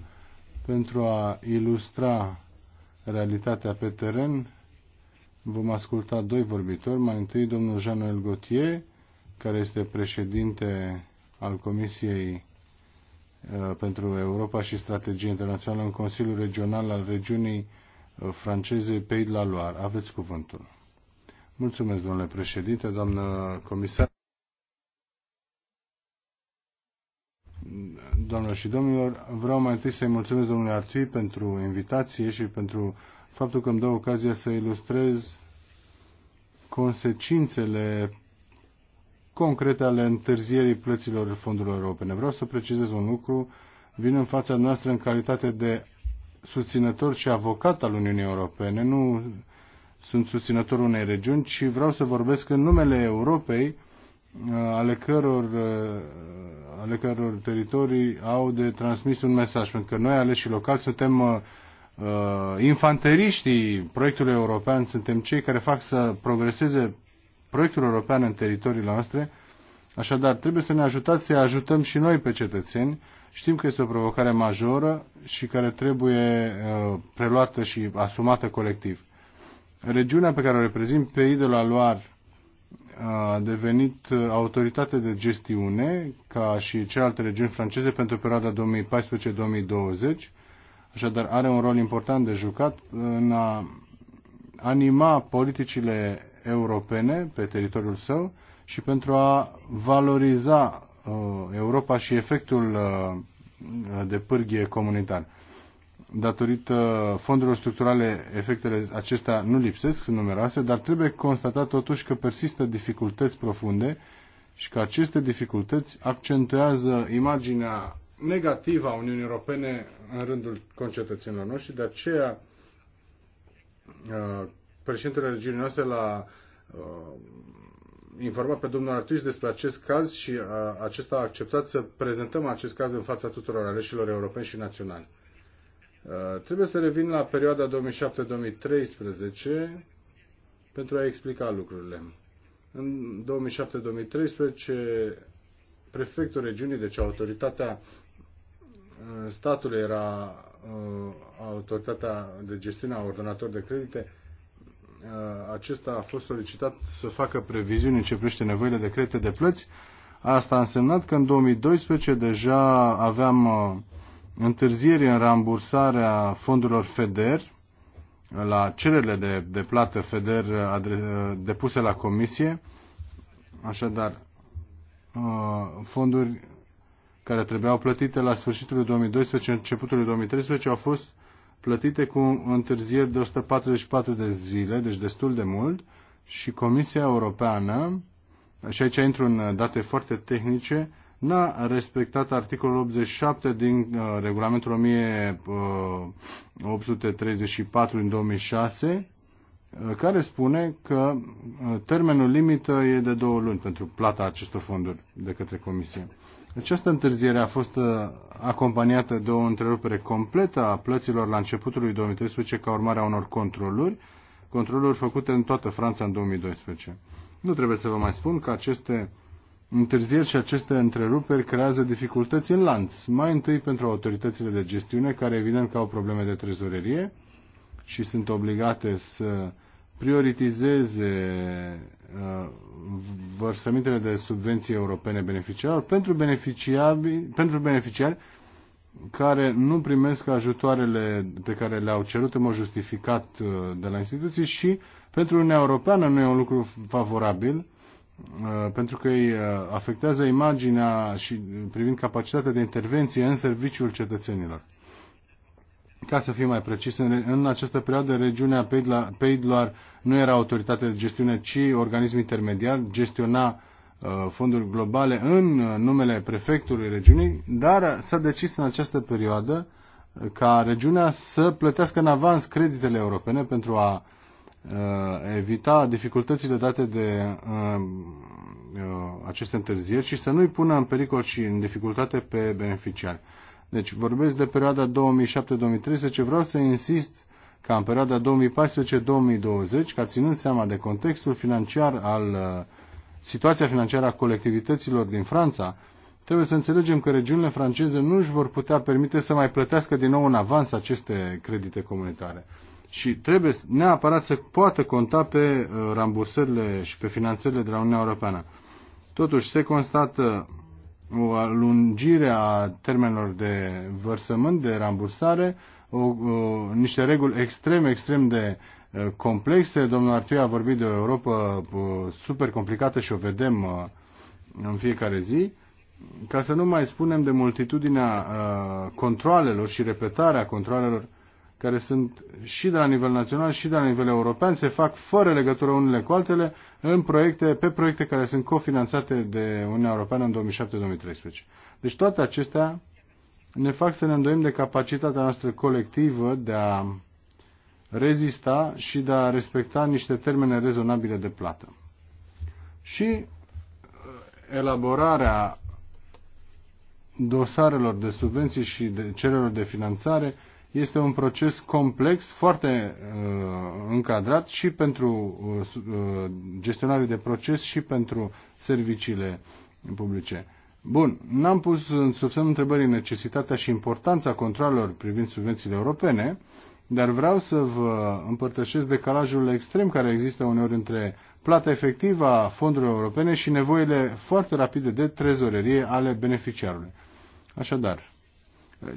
pentru a ilustra realitatea pe teren vom asculta doi vorbitori. Mai întâi domnul Jean-Noël Gautier, care este președinte al Comisiei uh, pentru Europa și Strategie Internațională în Consiliul Regional al regiunii uh, franceze Pays de la Loire. Aveți cuvântul. Mulțumesc, domnule președinte, doamnă comisar. doamnelor și domnilor. Vreau mai întâi să-i mulțumesc domnului Artui pentru invitație și pentru faptul că îmi dă ocazia să ilustrez consecințele concrete ale întârzierii plăților fondurilor europene. Vreau să precizez un lucru. Vin în fața noastră în calitate de susținător și avocat al Uniunii Europene. Nu sunt susținătorul unei regiuni, ci vreau să vorbesc în numele Europei ale căror, uh, ale căror teritorii au de transmis un mesaj. Pentru că noi, aleșii locali, suntem uh, uh, infanteriștii proiectului european, suntem cei care fac să progreseze proiectul european în teritoriile noastre. Așadar, trebuie să ne ajutați să ajutăm și noi pe cetățeni. Știm că este o provocare majoră și care trebuie uh, preluată și asumată colectiv. Regiunea pe care o reprezint pe idola Aluar a devenit autoritate de gestiune, ca și celelalte regiuni franceze, pentru perioada 2014-2020. Așadar, are un rol important de jucat în a anima politicile europene pe teritoriul său și pentru a valoriza uh, Europa și efectul uh, de pârghie comunitar datorită fondurilor structurale, efectele acestea nu lipsesc, sunt numeroase, dar trebuie constatat totuși că persistă dificultăți profunde și că aceste dificultăți accentuează imaginea negativă a Uniunii Europene în rândul concetățenilor noștri, de aceea uh, președintele regiunii noastre la uh, informat pe domnul Artuș despre acest caz și a, uh, acesta a acceptat să prezentăm acest caz în fața tuturor aleșilor europeni și naționali. Uh, trebuie să revin la perioada 2007-2013 pentru a explica lucrurile. În 2007-2013, prefectul regiunii, deci autoritatea uh, statului era uh, autoritatea de gestiune a ordonator de credite, acesta a fost solicitat să facă previziuni în ce privește nevoile de credite de plăți. Asta a însemnat că în 2012 deja aveam întârzieri în rambursarea fondurilor FEDER, la cererile de, de plată FEDER depuse la comisie, așadar uh, fonduri care trebuiau plătite la sfârșitul 2012, începutul 2013, au fost plătite cu întârzieri de 144 de zile, deci destul de mult, și Comisia Europeană, și aici intru în date foarte tehnice, n-a respectat articolul 87 din uh, regulamentul 1834 uh, din 2006, uh, care spune că uh, termenul limită e de două luni pentru plata acestor fonduri de către Comisie. Această întârziere a fost acompaniată de o întrerupere completă a plăților la începutul lui 2013 ca urmare a unor controluri, controluri făcute în toată Franța în 2012. Nu trebuie să vă mai spun că aceste uh, întârzieri și aceste întreruperi creează dificultăți în lanț, mai întâi pentru autoritățile de gestiune, care evident că au probleme de trezorerie și sunt obligate să prioritizeze uh, vărsămintele de subvenții europene beneficiari pentru beneficiari, pentru beneficiari care nu primesc ajutoarele pe care le-au cerut în mod justificat uh, de la instituții și pentru Uniunea Europeană nu e un lucru favorabil Uh, pentru că îi uh, afectează imaginea și uh, privind capacitatea de intervenție în serviciul cetățenilor. Ca să fiu mai precis, în, în această perioadă regiunea Peidloar nu era autoritate de gestiune, ci organism intermediar, gestiona uh, fonduri globale în uh, numele prefectului regiunii, dar s-a decis în această perioadă ca regiunea să plătească în avans creditele europene pentru a Uh, evita dificultățile date de uh, uh, aceste întârzieri și să nu-i pună în pericol și în dificultate pe beneficiari. Deci vorbesc de perioada 2007-2013, vreau să insist ca în perioada 2014-2020, ca ținând seama de contextul financiar al situația financiară a colectivităților din Franța, trebuie să înțelegem că regiunile franceze nu își vor putea permite să mai plătească din nou în avans aceste credite comunitare și trebuie neapărat să poată conta pe uh, rambursările și pe finanțările de la Uniunea Europeană. Totuși, se constată o alungire a termenilor de vărsământ, de rambursare, o, o, uh, niște reguli extrem, extrem de uh, complexe. Domnul Artui a vorbit de o Europa super complicată și o vedem în fiecare zi. Ca să nu mai spunem de multitudinea controlelor și repetarea controlelor care sunt și de la nivel național și de la nivel european, se fac fără legătură unele cu altele în proiecte, pe proiecte care sunt cofinanțate de Uniunea Europeană în 2007-2013. Deci toate acestea ne fac să ne îndoim de capacitatea noastră colectivă de a rezista și de a respecta niște termene rezonabile de plată. Și uh, elaborarea dosarelor de subvenții și de cererilor de finanțare este un proces complex, foarte uh, încadrat și pentru uh, uh gestionarii de proces și pentru serviciile publice. Bun, n-am pus în subsemnul întrebării necesitatea și importanța controlelor privind subvențiile europene, dar vreau să vă împărtășesc decalajul extrem care există uneori între plata efectivă a fondurilor europene și nevoile foarte rapide de trezorerie ale beneficiarului. Așadar,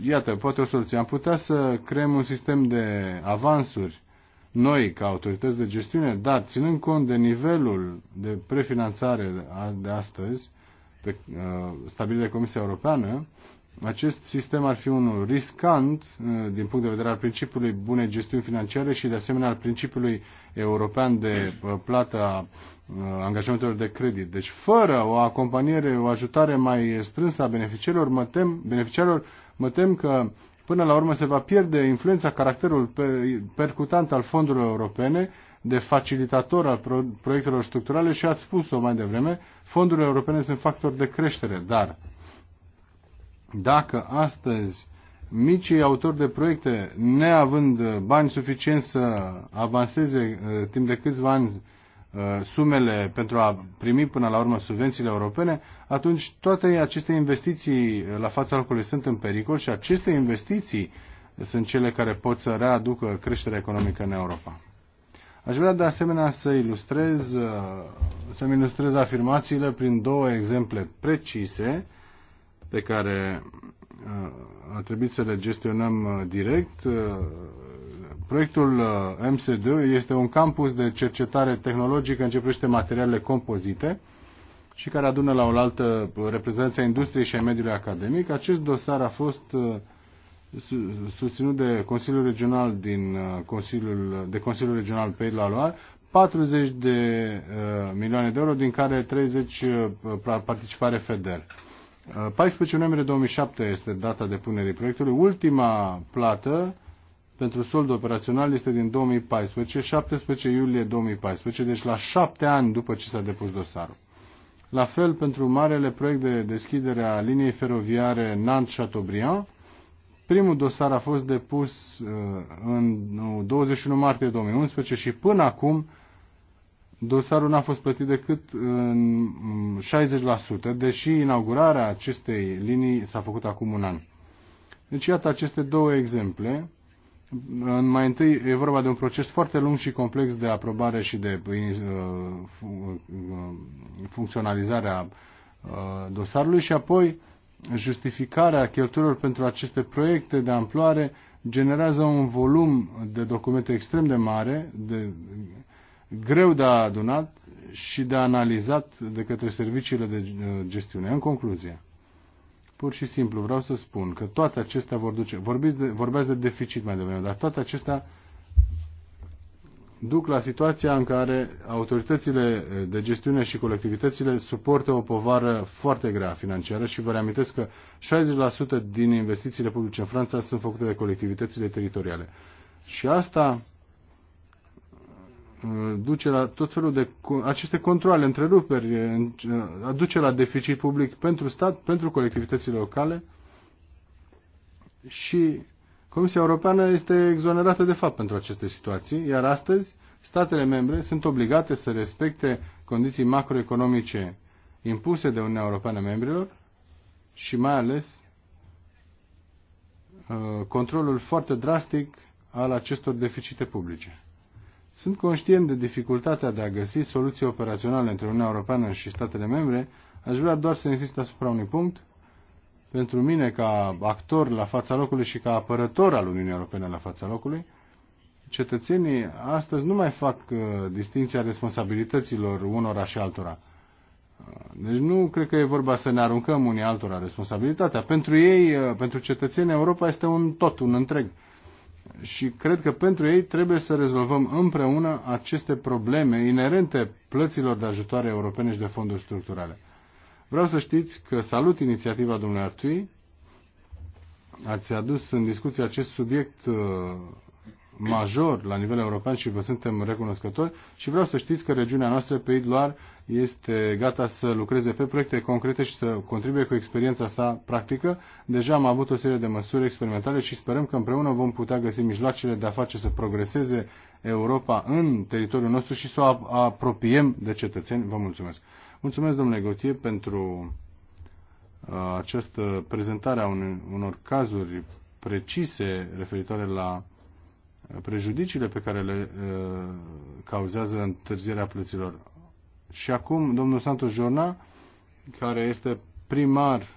Iată, poate o soluție. Am putea să creăm un sistem de avansuri noi ca autorități de gestiune, dar ținând cont de nivelul de prefinanțare de astăzi pe, uh, stabilit de Comisia Europeană, acest sistem ar fi unul riscant uh, din punct de vedere al principiului bunei gestiuni financiare și de asemenea al principiului european de uh, plată a uh, angajamentelor de credit. Deci fără o acompaniere, o ajutare mai strânsă a beneficiarilor, mă tem, beneficiarilor, Mă tem că până la urmă se va pierde influența, caracterul percutant al fondurilor europene de facilitator al proiectelor structurale și ați spus-o mai devreme, fondurile europene sunt factori de creștere, dar dacă astăzi micii autori de proiecte, neavând bani suficient să avanseze eh, timp de câțiva ani Uh, sumele pentru a primi până la urmă subvențiile europene, atunci toate aceste investiții la fața locului sunt în pericol și aceste investiții sunt cele care pot să readucă creșterea economică în Europa. Aș vrea de asemenea să ilustrez, uh, să ilustrez afirmațiile prin două exemple precise pe care uh, a trebuit să le gestionăm direct. Proiectul uh, MC2 este un campus de cercetare tehnologică în ce privește materialele compozite și care adună la oaltă uh, reprezentanța industriei și a mediului academic. Acest dosar a fost uh, susținut de Consiliul Regional din Consiliul, de Consiliul Regional Pays la Loire, 40 de uh, milioane de euro, din care 30 uh, participare FEDER. Uh, 14 noiembrie 2007 este data depunerii proiectului. Ultima plată pentru soldul operațional este din 2014, 17 iulie 2014, deci la șapte ani după ce s-a depus dosarul. La fel pentru marele proiect de deschidere a liniei feroviare Nantes-Chateaubriand, primul dosar a fost depus uh, în 21 martie 2011 și până acum dosarul n-a fost plătit decât în 60%, deși inaugurarea acestei linii s-a făcut acum un an. Deci iată aceste două exemple mai întâi e vorba de un proces foarte lung și complex de aprobare și de uh, uh, funcționalizare a uh, dosarului și apoi justificarea cheltuielor pentru aceste proiecte de amploare generează un volum de documente extrem de mare, de, greu de adunat și de analizat de către serviciile de gestiune. În concluzie, Pur și simplu vreau să spun că toate acestea vor duce... Vorbiți de, vorbeați de deficit mai devreme, dar toate acestea duc la situația în care autoritățile de gestiune și colectivitățile suportă o povară foarte grea financiară și vă reamintesc că 60% din investițiile publice în Franța sunt făcute de colectivitățile teritoriale. Și asta Uh, duce la tot felul de aceste controle, întreruperi, uh, uh, aduce la deficit public pentru stat, pentru colectivitățile locale și Comisia Europeană este exonerată de fapt pentru aceste situații, iar astăzi statele membre sunt obligate să respecte condiții macroeconomice impuse de Uniunea Europeană membrilor și mai ales controlul foarte drastic al acestor deficite publice. Sunt conștient de dificultatea de a găsi soluții operaționale între Uniunea Europeană și statele membre, aș vrea doar să insist asupra unui punct. Pentru mine, ca actor la fața locului și ca apărător al Uniunii Europene la fața locului, cetățenii astăzi nu mai fac uh, distinția responsabilităților unora și altora. Uh, deci nu cred că e vorba să ne aruncăm unii altora responsabilitatea. Pentru ei, uh, pentru cetățenii, Europa este un tot, un întreg și cred că pentru ei trebuie să rezolvăm împreună aceste probleme inerente plăților de ajutoare europene și de fonduri structurale. Vreau să știți că salut inițiativa domnului Artui. Ați adus în discuție acest subiect uh, major la nivel european și vă suntem recunoscători și vreau să știți că regiunea noastră pe Idloar este gata să lucreze pe proiecte concrete și să contribuie cu experiența sa practică. Deja am avut o serie de măsuri experimentale și sperăm că împreună vom putea găsi mijloacele de a face să progreseze Europa în teritoriul nostru și să o apropiem de cetățeni. Vă mulțumesc. Mulțumesc, domnule Gotie, pentru uh, această prezentare a unor cazuri precise referitoare la uh, prejudiciile pe care le uh, cauzează întârzierea plăților și acum domnul Santos Jorna, care este primar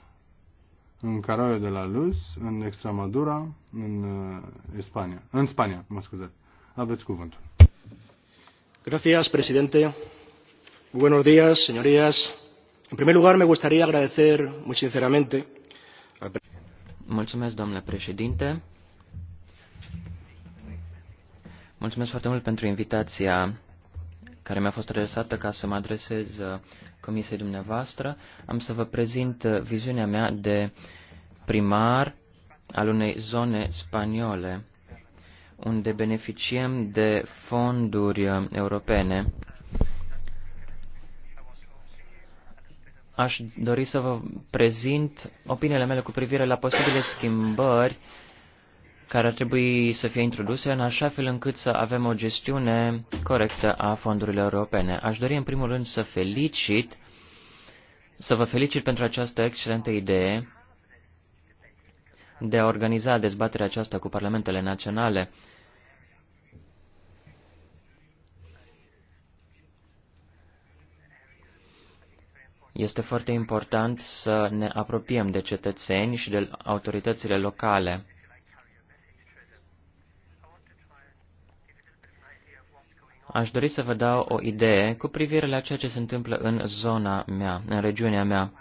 în Carayo de la Luz, în Extremadura, în uh, Spania. În Spania, mă scuzați. Aveți cuvântul. Gracias, presidente. Buenos días, señorías. En primer lugar, me gustaría agradecer muy sinceramente al Mulțumesc, domnule președinte. Mulțumesc foarte mult pentru invitația care mi-a fost adresată ca să mă adresez uh, comisiei dumneavoastră. Am să vă prezint uh, viziunea mea de primar al unei zone spaniole unde beneficiem de fonduri uh, europene. Aș dori să vă prezint opiniile mele cu privire la posibile schimbări care ar trebui să fie introduse în așa fel încât să avem o gestiune corectă a fondurilor europene. Aș dori în primul rând să felicit, să vă felicit pentru această excelentă idee de a organiza dezbaterea aceasta cu parlamentele naționale. Este foarte important să ne apropiem de cetățeni și de autoritățile locale. aș dori să vă dau o idee cu privire la ceea ce se întâmplă în zona mea, în regiunea mea.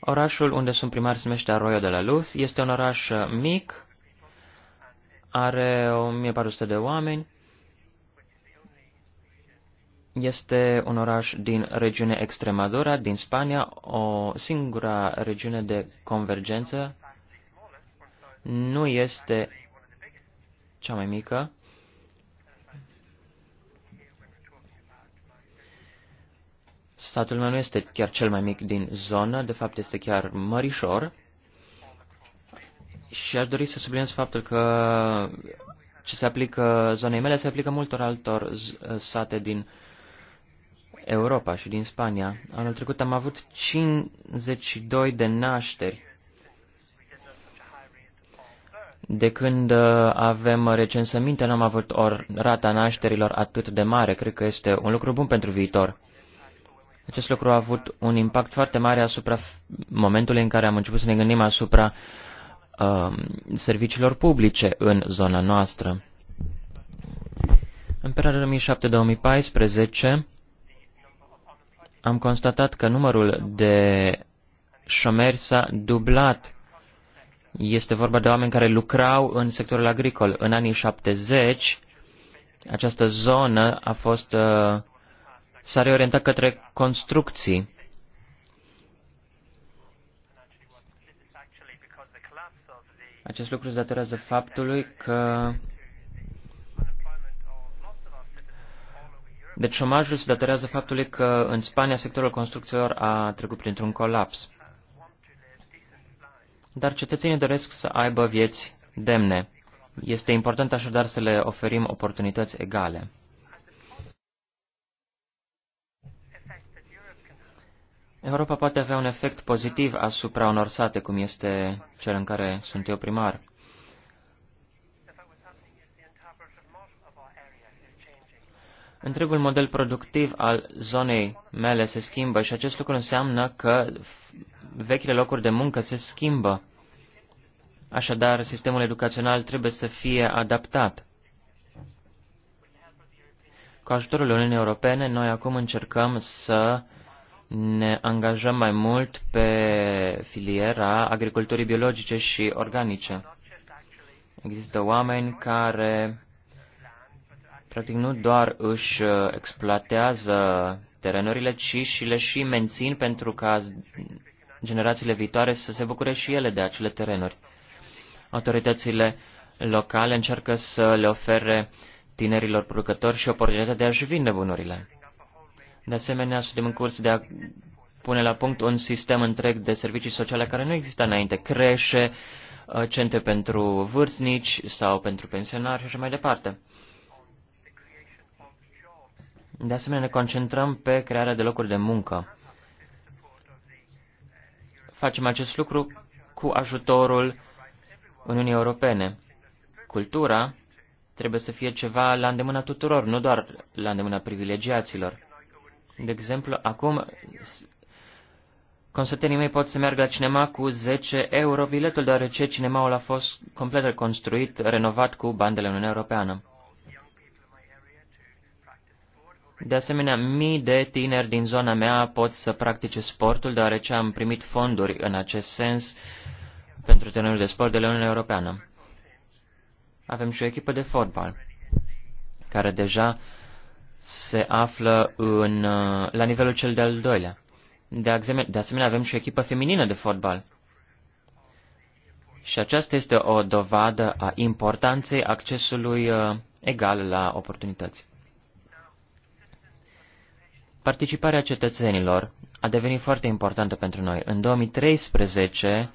Orașul unde sunt primar se numește Arroyo de la Luz, este un oraș mic, are 1400 de oameni, este un oraș din regiunea Extremadura, din Spania, o singura regiune de convergență, nu este cea mai mică, Satul meu nu este chiar cel mai mic din zonă, de fapt este chiar mărișor. Și aș dori să subliniez faptul că ce se aplică zonei mele se aplică multor altor uh, sate din Europa și din Spania. Anul trecut am avut 52 de nașteri. De când uh, avem recensăminte, n-am avut o rata nașterilor atât de mare. Cred că este un lucru bun pentru viitor. Acest lucru a avut un impact foarte mare asupra momentului în care am început să ne gândim asupra uh, serviciilor publice în zona noastră. În perioada 2007-2014 am constatat că numărul de șomeri s-a dublat. Este vorba de oameni care lucrau în sectorul agricol. În anii 70, această zonă a fost uh, s-a reorientat către construcții. Acest lucru se datorează faptului că Deci șomajul se datorează faptului că în Spania sectorul construcțiilor a trecut printr-un colaps. Dar cetățenii doresc să aibă vieți demne. Este important așadar să le oferim oportunități egale. Europa poate avea un efect pozitiv asupra unor sate, cum este cel în care sunt eu primar. Întregul model productiv al zonei mele se schimbă și acest lucru înseamnă că vechile locuri de muncă se schimbă. Așadar, sistemul educațional trebuie să fie adaptat. Cu ajutorul Uniunii Europene, noi acum încercăm să uh, ne angajăm mai mult pe filiera agriculturii biologice și organice. Există oameni care practic nu doar își exploatează terenurile, ci și le și mențin pentru ca generațiile viitoare să se bucure și ele de acele terenuri. Autoritățile locale încearcă să le ofere tinerilor producători și oportunitatea de a-și vinde bunurile. De asemenea, suntem în curs de a pune la punct un sistem întreg de servicii sociale care nu exista înainte, creșe, uh, centre pentru vârstnici sau pentru pensionari și așa mai departe. De asemenea, ne concentrăm pe crearea de locuri de muncă. Facem acest lucru cu ajutorul Uniunii Europene. Cultura trebuie să fie ceva la îndemâna tuturor, nu doar la îndemâna privilegiaților. De exemplu, acum consătenii mei pot să meargă la cinema cu 10 euro biletul, deoarece cinemaul a fost complet reconstruit, renovat cu bani de la Uniunea Europeană. De asemenea, mii de tineri din zona mea pot să practice sportul, deoarece am primit fonduri în acest sens pentru terenul de sport de la Uniunea Europeană. Avem și o echipă de fotbal, care deja se află în, uh, la nivelul cel de-al doilea. De, examen, de asemenea, avem și o echipă feminină de fotbal. Și aceasta este o dovadă a importanței accesului uh, egal la oportunități. Participarea cetățenilor a devenit foarte importantă pentru noi. În 2013,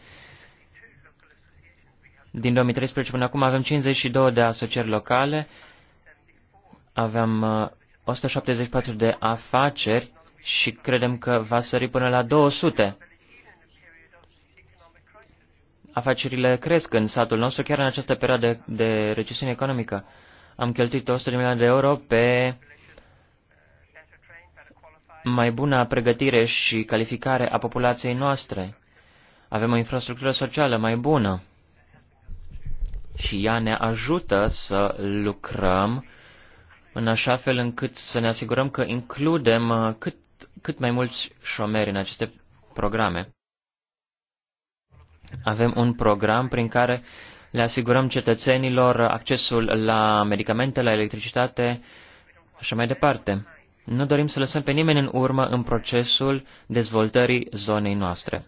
din 2013 până acum avem 52 de asocieri locale, aveam uh, 174 de afaceri și credem că va sări până la 200. Afacerile cresc în satul nostru chiar în această perioadă de recesiune economică. Am cheltuit 100 de milioane de euro pe mai bună pregătire și calificare a populației noastre. Avem o infrastructură socială mai bună și ea ne ajută să lucrăm în așa fel încât să ne asigurăm că includem uh, cât, cât mai mulți șomeri în aceste programe. Avem un program prin care le asigurăm cetățenilor accesul la medicamente, la electricitate, așa mai departe. Nu dorim să lăsăm pe nimeni în urmă în procesul dezvoltării zonei noastre.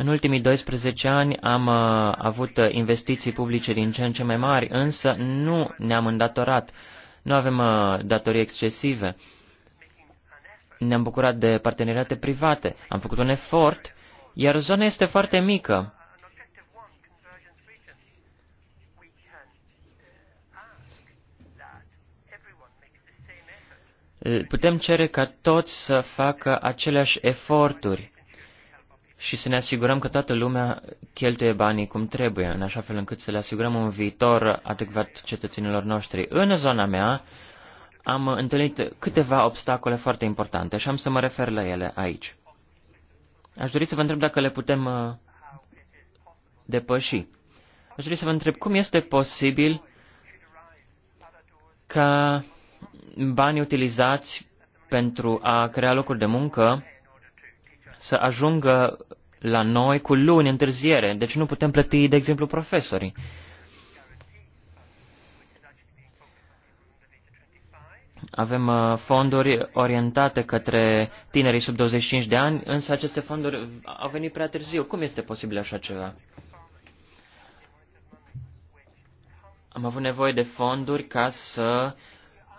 În ultimii 12 ani am uh, avut uh, investiții publice din ce în ce mai mari, însă nu ne-am îndatorat, nu avem uh, datorii excesive. Ne-am bucurat de parteneriate private, am făcut un efort, iar zona este foarte mică. Putem cere ca toți să facă aceleași eforturi și să ne asigurăm că toată lumea cheltuie banii cum trebuie, în așa fel încât să le asigurăm un viitor adecvat cetățenilor noștri. În zona mea am întâlnit câteva obstacole foarte importante și am să mă refer la ele aici. Aș dori să vă întreb dacă le putem uh, depăși. Aș dori să vă întreb cum este posibil ca banii utilizați pentru a crea locuri de muncă să ajungă la noi cu luni întârziere, deci nu putem plăti, de exemplu, profesorii. Avem uh, fonduri orientate către tinerii sub 25 de ani, însă aceste fonduri au venit prea târziu. Cum este posibil așa ceva? Am avut nevoie de fonduri ca să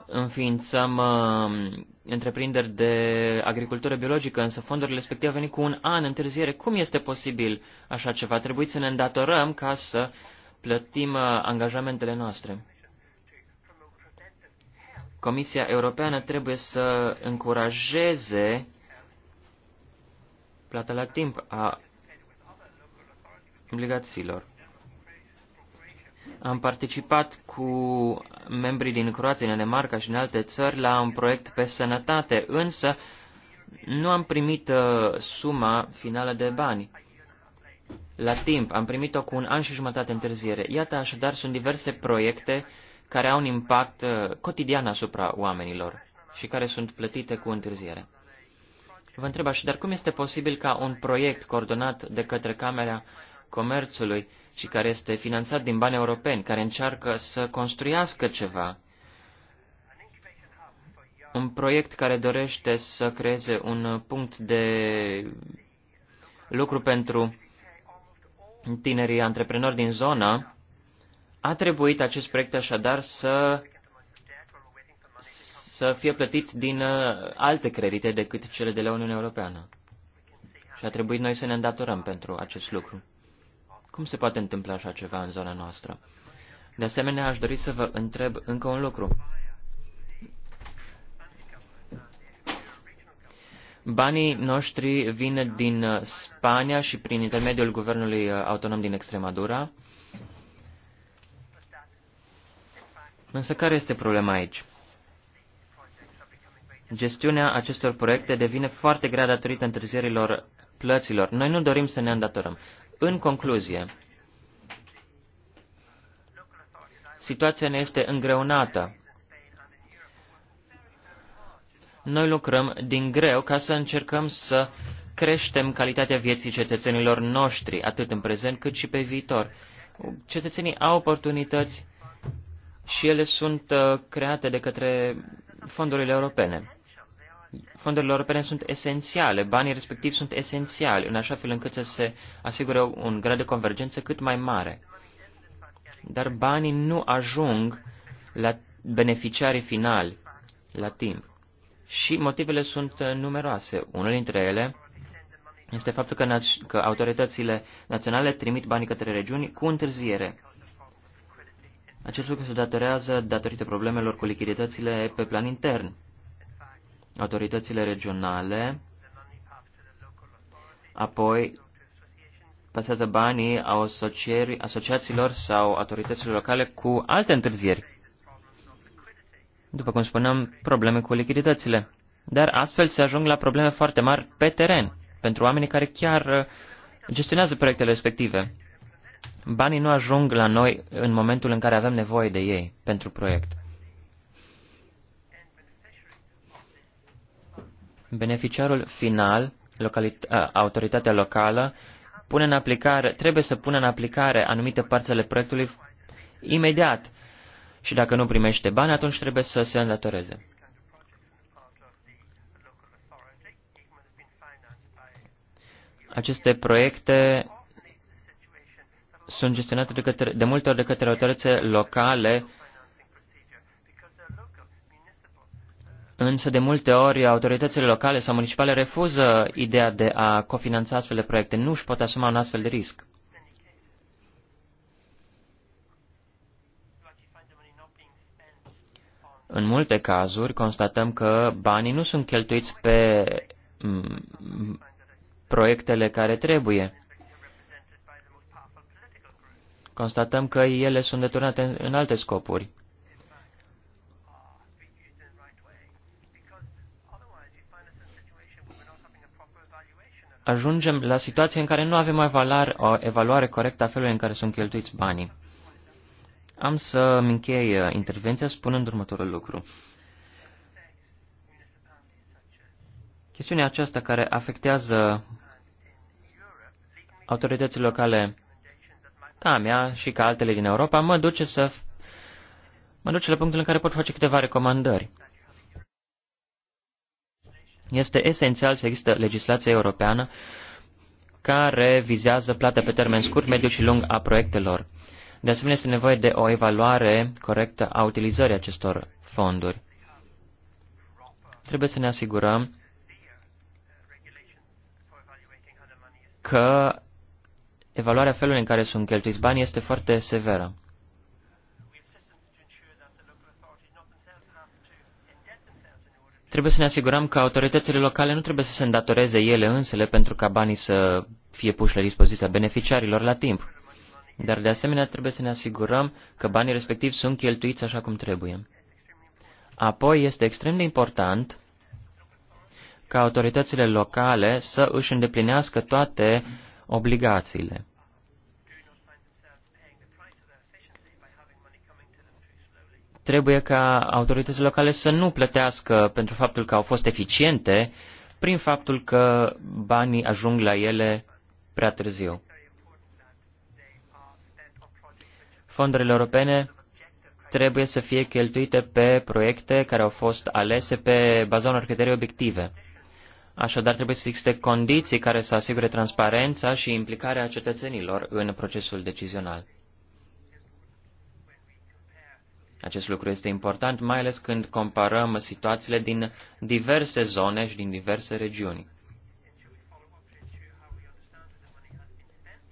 înființăm uh, întreprinderi de agricultură biologică, însă fondurile respective au venit cu un an întârziere. Cum este posibil așa ceva? Trebuie să ne îndatorăm ca să plătim uh, angajamentele noastre. Comisia Europeană trebuie să încurajeze plata la timp a obligațiilor. Am participat cu membrii din Croația, în Danemarca și în alte țări la un proiect pe sănătate, însă nu am primit uh, suma finală de bani. La timp, am primit-o cu un an și jumătate întârziere. Iată, așadar, sunt diverse proiecte care au un impact uh, cotidian asupra oamenilor și care sunt plătite cu întârziere. Vă întreb așadar, cum este posibil ca un proiect coordonat de către Camera comerțului și care este finanțat din bani europeni, care încearcă să construiască ceva. Un proiect care dorește să creeze un punct de lucru pentru tinerii antreprenori din zonă, a trebuit acest proiect așadar să, să fie plătit din uh, alte credite decât cele de la Uniunea Europeană. Și a trebuit noi să ne îndatorăm pentru acest lucru. Cum se poate întâmpla așa ceva în zona noastră? De asemenea, aș dori să vă întreb încă un lucru. Banii noștri vin din Spania și prin intermediul guvernului autonom din Extremadura. Însă care este problema aici? Gestiunea acestor proiecte devine foarte grea datorită întârzierilor plăților. Noi nu dorim să ne îndatorăm. În concluzie, situația ne este îngreunată. Noi lucrăm din greu ca să încercăm să creștem calitatea vieții cetățenilor noștri, atât în prezent cât și pe viitor. Cetățenii au oportunități și ele sunt uh, create de către fondurile europene fondurile europene sunt esențiale, banii respectivi sunt esențiali, în așa fel încât să se asigure un grad de convergență cât mai mare. Dar banii nu ajung la beneficiarii finali la timp. Și motivele sunt uh, numeroase. Unul dintre ele este faptul că, naț- că autoritățile naționale trimit banii către regiuni cu întârziere. Acest lucru se datorează datorită problemelor cu lichiditățile pe plan intern autoritățile regionale, apoi pasează banii asociațiilor sau autorităților locale cu alte întârzieri. După cum spuneam, probleme cu lichiditățile. Dar astfel se ajung la probleme foarte mari pe teren, pentru oamenii care chiar uh, gestionează proiectele respective. Banii nu ajung la noi în momentul în care avem nevoie de ei pentru proiect. Beneficiarul final, autoritatea locală, pune în aplicare, trebuie să pună în aplicare anumite părți ale proiectului imediat. Și dacă nu primește bani, atunci trebuie să se îndatoreze. Aceste proiecte sunt gestionate de, către, de multe ori de către autoritățile locale Însă, de multe ori, autoritățile locale sau municipale refuză ideea de a cofinanța astfel de proiecte. Nu își pot asuma un astfel de risc. În multe cazuri, constatăm că banii nu sunt cheltuiți pe proiectele care trebuie. Constatăm că ele sunt deturnate în alte scopuri. ajungem la situație în care nu avem mai evaluare, o evaluare corectă a felului în care sunt cheltuiți banii. Am să-mi închei uh, intervenția spunând următorul lucru. Chestiunea aceasta care afectează autoritățile locale ca a mea și ca altele din Europa mă duce să mă duce la punctul în care pot face câteva recomandări. Este esențial să există legislație europeană care vizează plată pe termen scurt, mediu și lung a proiectelor. De asemenea, este nevoie de o evaluare corectă a utilizării acestor fonduri. Trebuie să ne asigurăm că evaluarea felului în care sunt cheltuiți banii este foarte severă. Trebuie să ne asigurăm că autoritățile locale nu trebuie să se îndatoreze ele însele pentru ca banii să fie puși la dispoziția beneficiarilor la timp. Dar de asemenea trebuie să ne asigurăm că banii respectivi sunt cheltuiți așa cum trebuie. Apoi este extrem de important ca autoritățile locale să își îndeplinească toate obligațiile. Trebuie ca autoritățile locale să nu plătească pentru faptul că au fost eficiente prin faptul că banii ajung la ele prea târziu. Fondurile europene trebuie să fie cheltuite pe proiecte care au fost alese pe baza unor criterii obiective. Așadar, trebuie să existe condiții care să asigure transparența și implicarea cetățenilor în procesul decizional. Acest lucru este important, mai ales când comparăm situațiile din diverse zone și din diverse regiuni.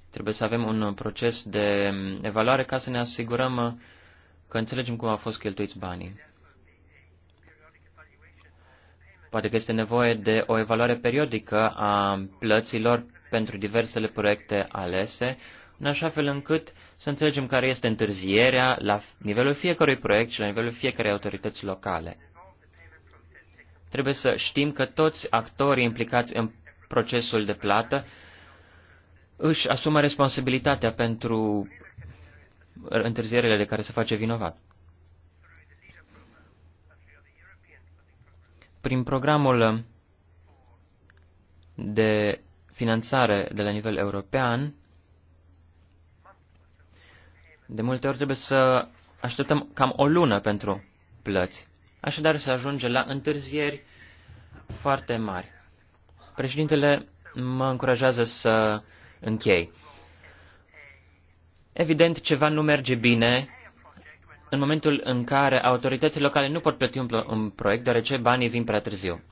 Trebuie să avem un proces de evaluare ca să ne asigurăm că înțelegem cum au fost cheltuiți banii. Poate că este nevoie de o evaluare periodică a plăților pentru diversele proiecte alese, în așa fel încât să înțelegem care este întârzierea la nivelul fiecărui proiect și la nivelul fiecărei autorități locale. Trebuie să știm că toți actorii implicați în procesul de plată își asumă responsabilitatea pentru întârzierele de care se face vinovat. Prin programul de finanțare de la nivel european, de multe ori trebuie să așteptăm cam o lună pentru plăți. Așadar se ajunge la întârzieri foarte mari. Președintele mă încurajează să închei. Evident, ceva nu merge bine în momentul în care autoritățile locale nu pot plăti un, un proiect, deoarece banii vin prea târziu.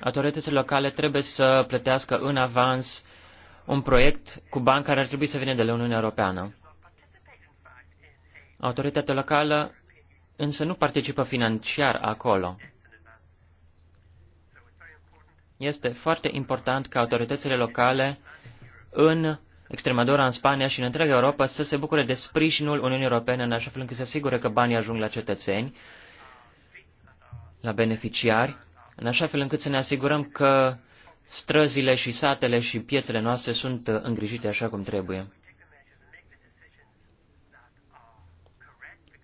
Autoritățile locale trebuie să plătească în avans un proiect cu bani care ar trebui să vină de la Uniunea Europeană. Autoritatea locală însă nu participă financiar acolo. Este foarte important ca autoritățile locale în Extremadura, în Spania și în întreaga Europa să se bucure de sprijinul Uniunii Europene în așa fel încât să asigure că banii ajung la cetățeni, la beneficiari, în așa fel încât să ne asigurăm că străzile și satele și piețele noastre sunt uh, îngrijite așa cum trebuie.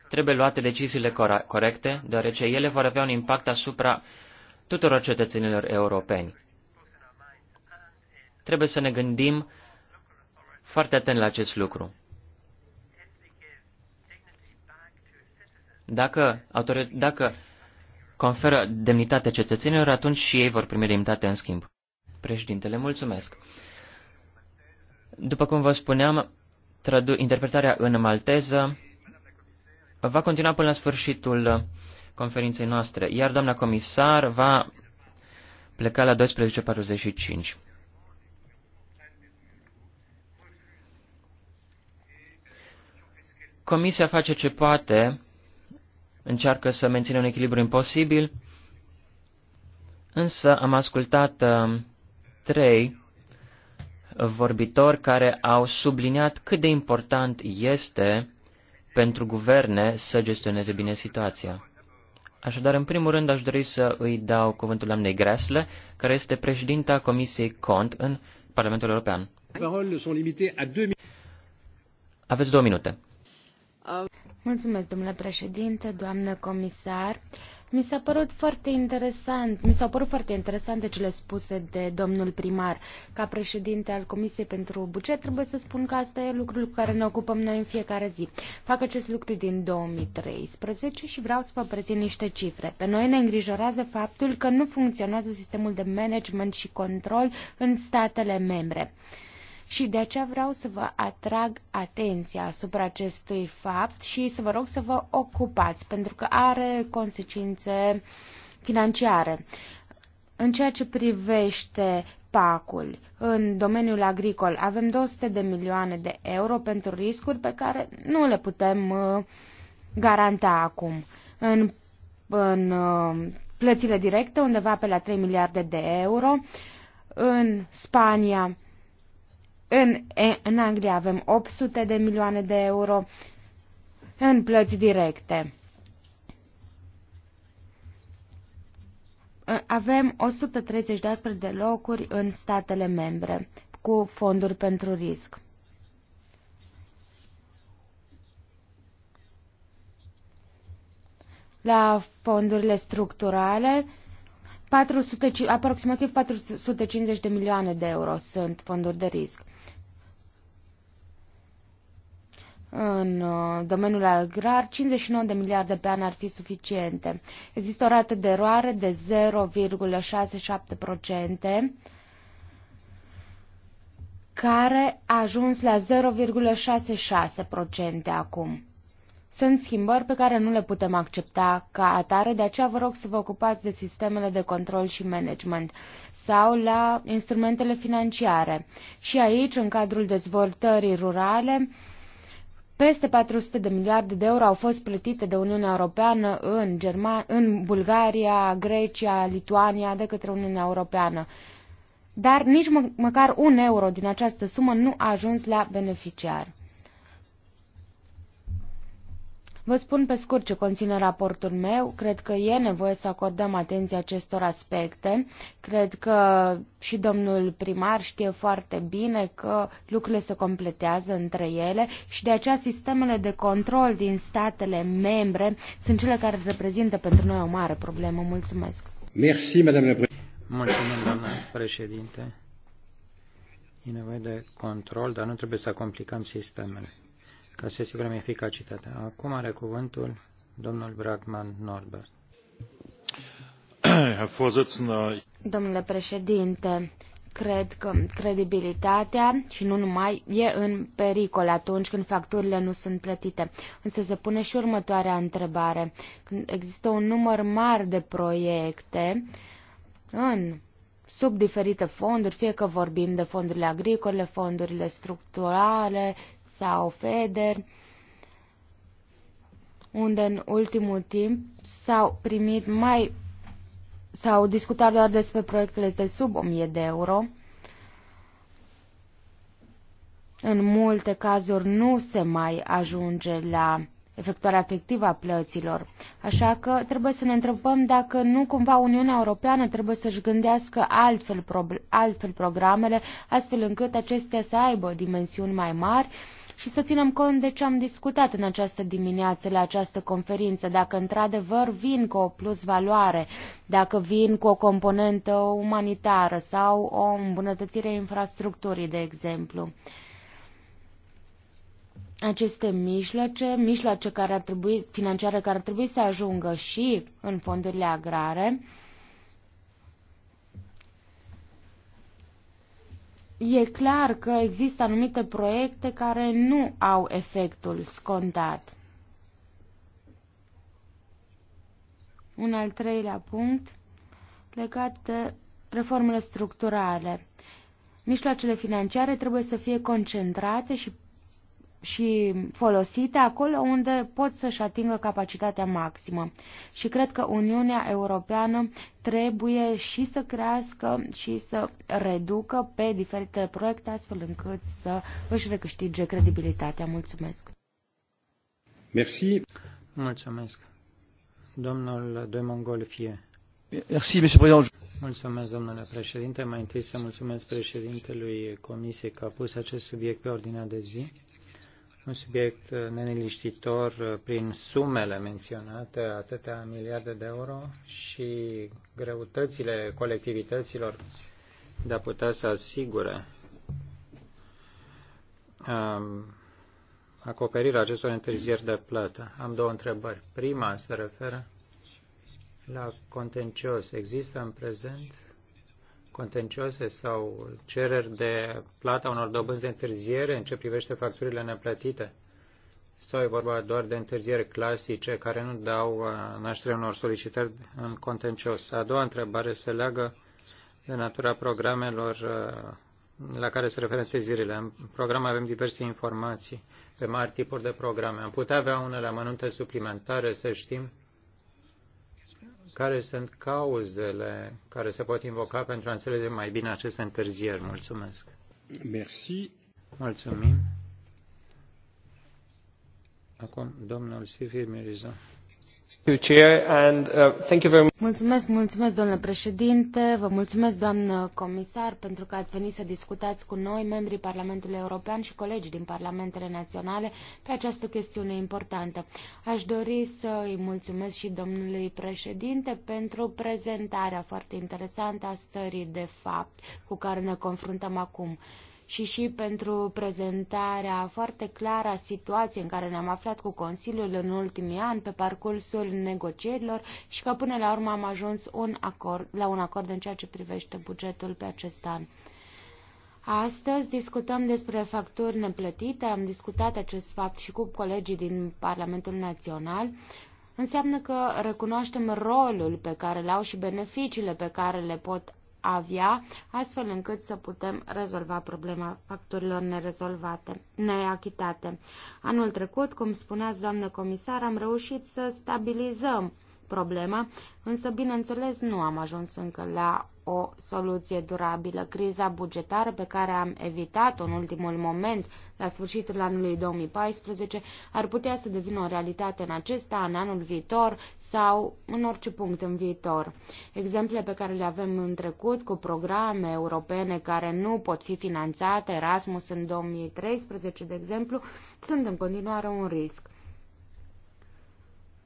Trebuie luate deciziile corecte, deoarece ele vor avea un impact asupra tuturor cetățenilor europeni. Trebuie să ne gândim foarte atent la acest lucru. Dacă, dacă conferă demnitate cetățenilor, atunci și ei vor primi demnitate în schimb. Președintele, mulțumesc. După cum vă spuneam, tradu- interpretarea în malteză va continua până la sfârșitul conferinței noastre, iar doamna comisar va pleca la 12.45. Comisia face ce poate, încearcă să mențină un echilibru imposibil, însă am ascultat uh, trei vorbitori care au subliniat cât de important este pentru guverne să gestioneze bine situația. Așadar, în primul rând, aș dori să îi dau cuvântul doamnei Gresle, care este președinta Comisiei Cont în Parlamentul European. Aveți două minute. Mulțumesc, domnule președinte, doamnă comisar. Mi s-a părut foarte interesant, mi s-au părut foarte interesante cele spuse de domnul primar. Ca președinte al Comisiei pentru Buget, trebuie să spun că asta e lucrul cu care ne ocupăm noi în fiecare zi. Fac acest lucru din 2013 și vreau să vă prezint niște cifre. Pe noi ne îngrijorează faptul că nu funcționează sistemul de management și control în statele membre și de aceea vreau să vă atrag atenția asupra acestui fapt și să vă rog să vă ocupați, pentru că are consecințe financiare. În ceea ce privește PAC-ul, în domeniul agricol, avem 200 de milioane de euro pentru riscuri pe care nu le putem uh, garanta acum. În, în uh, plățile directe, undeva pe la 3 miliarde de euro, în Spania în, în Anglia avem 800 de milioane de euro în plăți directe. Avem 130 de astfel de locuri în statele membre cu fonduri pentru risc. La fondurile structurale, 400, aproximativ 450 de milioane de euro sunt fonduri de risc. în uh, domeniul agrar, 59 de miliarde pe an ar fi suficiente. Există o rată de eroare de 0,67% care a ajuns la 0,66% acum. Sunt schimbări pe care nu le putem accepta ca atare, de aceea vă rog să vă ocupați de sistemele de control și management sau la instrumentele financiare. Și aici, în cadrul dezvoltării rurale, peste 400 de miliarde de euro au fost plătite de Uniunea Europeană în, German- în Bulgaria, Grecia, Lituania, de către Uniunea Europeană. Dar nici mă- măcar un euro din această sumă nu a ajuns la beneficiar. Vă spun pe scurt ce conține raportul meu. Cred că e nevoie să acordăm atenție acestor aspecte. Cred că și domnul primar știe foarte bine că lucrurile se completează între ele și de aceea sistemele de control din statele membre sunt cele care reprezintă pentru noi o mare problemă. Mulțumesc! Merci, madame la Mulțumim, doamna președinte. E nevoie de control, dar nu trebuie să complicăm sistemele ca să asigurăm eficacitatea. Acum are cuvântul domnul Bragman Norbert. Domnule președinte, cred că credibilitatea și nu numai e în pericol atunci când facturile nu sunt plătite. Însă se pune și următoarea întrebare. Când există un număr mare de proiecte în sub diferite fonduri, fie că vorbim de fondurile agricole, fondurile structurale sau FEDER, unde în ultimul timp s-au primit mai s-au discutat doar despre proiectele de sub 1000 de euro. În multe cazuri nu se mai ajunge la efectuarea efectivă a plăților. Așa că trebuie să ne întrebăm dacă nu cumva Uniunea Europeană trebuie să-și gândească altfel, altfel programele, astfel încât acestea să aibă dimensiuni mai mari și să ținem cont de ce am discutat în această dimineață la această conferință, dacă într-adevăr vin cu o plus valoare, dacă vin cu o componentă umanitară sau o îmbunătățire a infrastructurii, de exemplu aceste mijloace, mijloace care ar trebui, financiare care ar trebui să ajungă și în fondurile agrare, E clar că există anumite proiecte care nu au efectul scontat. Un al treilea punct legat de reformele structurale. Mișloacele financiare trebuie să fie concentrate și și folosite acolo unde pot să-și atingă capacitatea maximă. Și cred că Uniunea Europeană trebuie și să crească și să reducă pe diferite proiecte astfel încât să își recâștige credibilitatea. Mulțumesc! Merci. Mulțumesc. Domnul de Mongolfie. Merci, monsieur président. Mulțumesc, domnule președinte. Mai întâi să mulțumesc președintelui Comisiei că a pus acest subiect pe ordinea de zi un subiect uh, neniliștitor uh, prin sumele menționate, atâtea miliarde de euro și greutățile colectivităților de a putea să asigure um, acoperirea acestor întârzieri de plată. Am două întrebări. Prima se referă la contencios. Există în prezent contencioase sau cereri de plata unor dobânzi de întârziere în ce privește facturile neplătite? Sau e vorba doar de întârzieri clasice care nu dau uh, naștere unor solicitări în contencios? A doua întrebare se leagă de natura programelor uh, la care se referă întârzierile. În program avem diverse informații pe mari tipuri de programe. Am putea avea unele amănunte suplimentare, să știm care sunt cauzele care se pot invoca pentru a înțelege mai bine aceste întârzieri. Mulțumesc. Merci. Mulțumim. Acum, domnul Sifir Mirizon. Uh, mulțumesc, mulțumesc, domnule președinte, vă mulțumesc, doamnă comisar, pentru că ați venit să discutați cu noi, membrii Parlamentului European și colegii din Parlamentele Naționale, pe această chestiune importantă. Aș dori să îi mulțumesc și domnului președinte pentru prezentarea foarte interesantă a stării de fapt cu care ne confruntăm acum și și pentru prezentarea foarte clară a situației în care ne-am aflat cu Consiliul în ultimii ani pe parcursul negocierilor și că până la urmă am ajuns un acord, la un acord în ceea ce privește bugetul pe acest an. Astăzi discutăm despre facturi neplătite, am discutat acest fapt și cu colegii din Parlamentul Național. Înseamnă că recunoaștem rolul pe care îl au și beneficiile pe care le pot avea, astfel încât să putem rezolva problema facturilor nerezolvate, neachitate. Anul trecut, cum spuneați, doamnă comisar, am reușit să stabilizăm problema, însă, bineînțeles, nu am ajuns încă la o soluție durabilă. Criza bugetară pe care am evitat-o în ultimul moment, la sfârșitul anului 2014, ar putea să devină o realitate în acest an, în anul viitor sau în orice punct în viitor. Exemple pe care le avem în trecut cu programe europene care nu pot fi finanțate, Erasmus în 2013, de exemplu, sunt în continuare un risc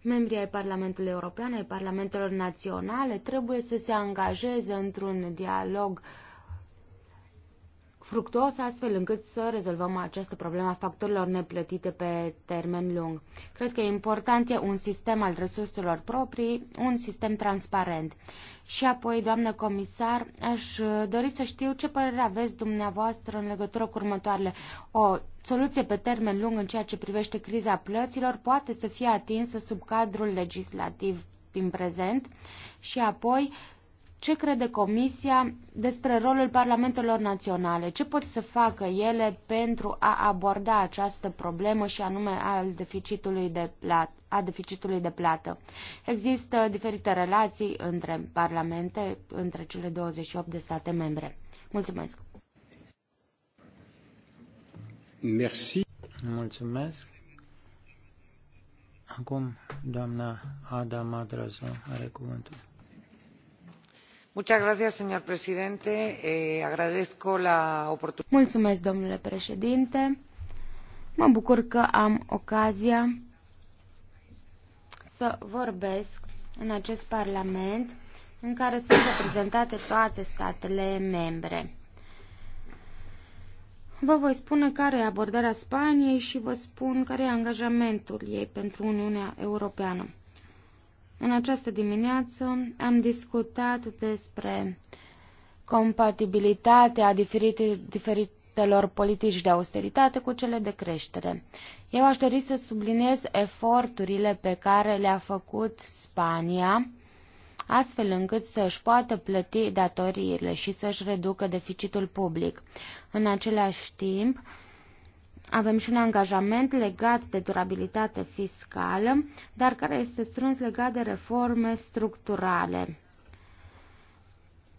membrii ai Parlamentului European, ai Parlamentelor Naționale, trebuie să se angajeze într-un dialog uh, fructuos astfel încât să rezolvăm această problemă a factorilor neplătite pe termen lung. Cred că important e un sistem al resurselor proprii, un sistem transparent. Și apoi, doamnă comisar, aș dori să știu ce părere aveți dumneavoastră în legătură cu următoarele. O soluție pe termen lung în ceea ce privește criza plăților poate să fie atinsă sub cadrul legislativ din prezent și apoi ce crede Comisia despre rolul parlamentelor naționale? Ce pot să facă ele pentru a aborda această problemă și anume al deficitului de plat, a deficitului de plată? Există diferite relații între parlamente, între cele 28 de state membre. Mulțumesc! Merci. Mulțumesc. Acum, doamna Ada Madrazo are cuvântul señor presidente eh, agradezco la oportunidad. domnule președinte mă bucur că am ocazia să vorbesc în acest parlament în care sunt reprezentate toate statele membre. Vă voi spune care e abordarea Spaniei și vă spun care e angajamentul ei pentru Uniunea Europeană. În această dimineață am discutat despre compatibilitatea diferite, diferitelor politici de austeritate cu cele de creștere. Eu aș dori să subliniez eforturile pe care le-a făcut Spania astfel încât să-și poată plăti datoriile și să-și reducă deficitul public. În același timp, avem și un angajament legat de durabilitate fiscală, dar care este strâns legat de reforme structurale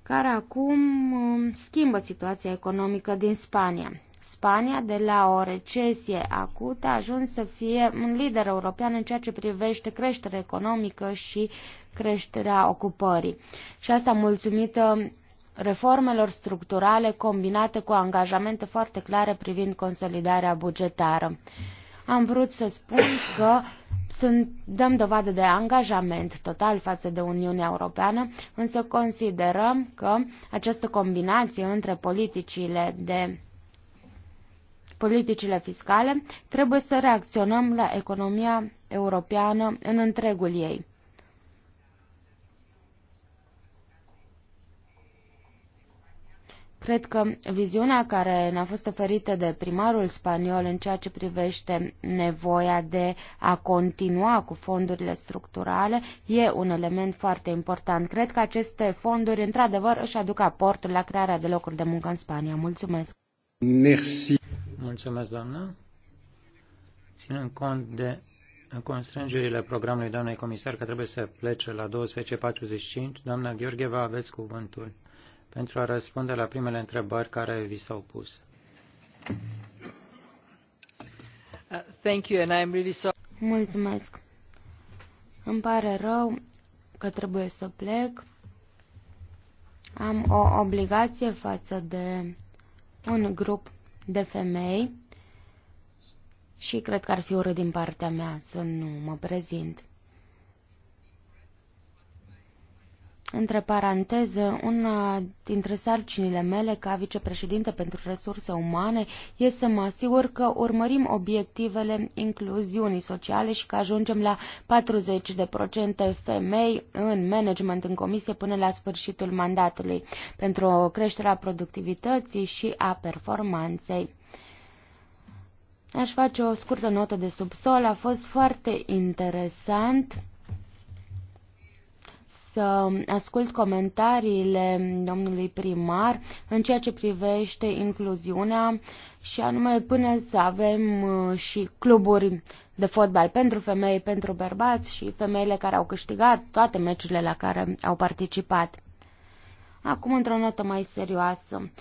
care acum um, schimbă situația economică din Spania. Spania, de la o recesie acută, a ajuns să fie un lider european în ceea ce privește creșterea economică și creșterea ocupării. Și asta mulțumită reformelor structurale combinate cu angajamente foarte clare privind consolidarea bugetară. Am vrut să spun că sunt, dăm dovadă de angajament total față de Uniunea Europeană, însă considerăm că această combinație între politicile de politicile fiscale trebuie să reacționăm la economia europeană în întregul ei. Cred că viziunea care ne-a fost oferită de primarul spaniol în ceea ce privește nevoia de a continua cu fondurile structurale e un element foarte important. Cred că aceste fonduri, într-adevăr, își aduc aportul la crearea de locuri de muncă în Spania. Mulțumesc! Merci. Mulțumesc, doamnă! Ținând cont de constrângerile programului doamnei comisar că trebuie să plece la 12.45, doamna Gheorgheva, aveți cuvântul pentru a răspunde la primele întrebări care vi s-au pus. Thank you and I'm really sorry. Mulțumesc. Îmi pare rău că trebuie să plec. Am o obligație față de un grup de femei și cred că ar fi urât din partea mea să nu mă prezint. Între paranteză, una dintre sarcinile mele ca vicepreședinte pentru resurse umane este să mă asigur că urmărim obiectivele incluziunii sociale și că ajungem la 40% femei în management în comisie până la sfârșitul mandatului pentru creșterea productivității și a performanței. Aș face o scurtă notă de subsol, a fost foarte interesant să ascult comentariile domnului primar în ceea ce privește incluziunea și anume până să avem uh, și cluburi de fotbal pentru femei, pentru bărbați și femeile care au câștigat toate meciurile la care au participat. Acum, într-o notă mai serioasă,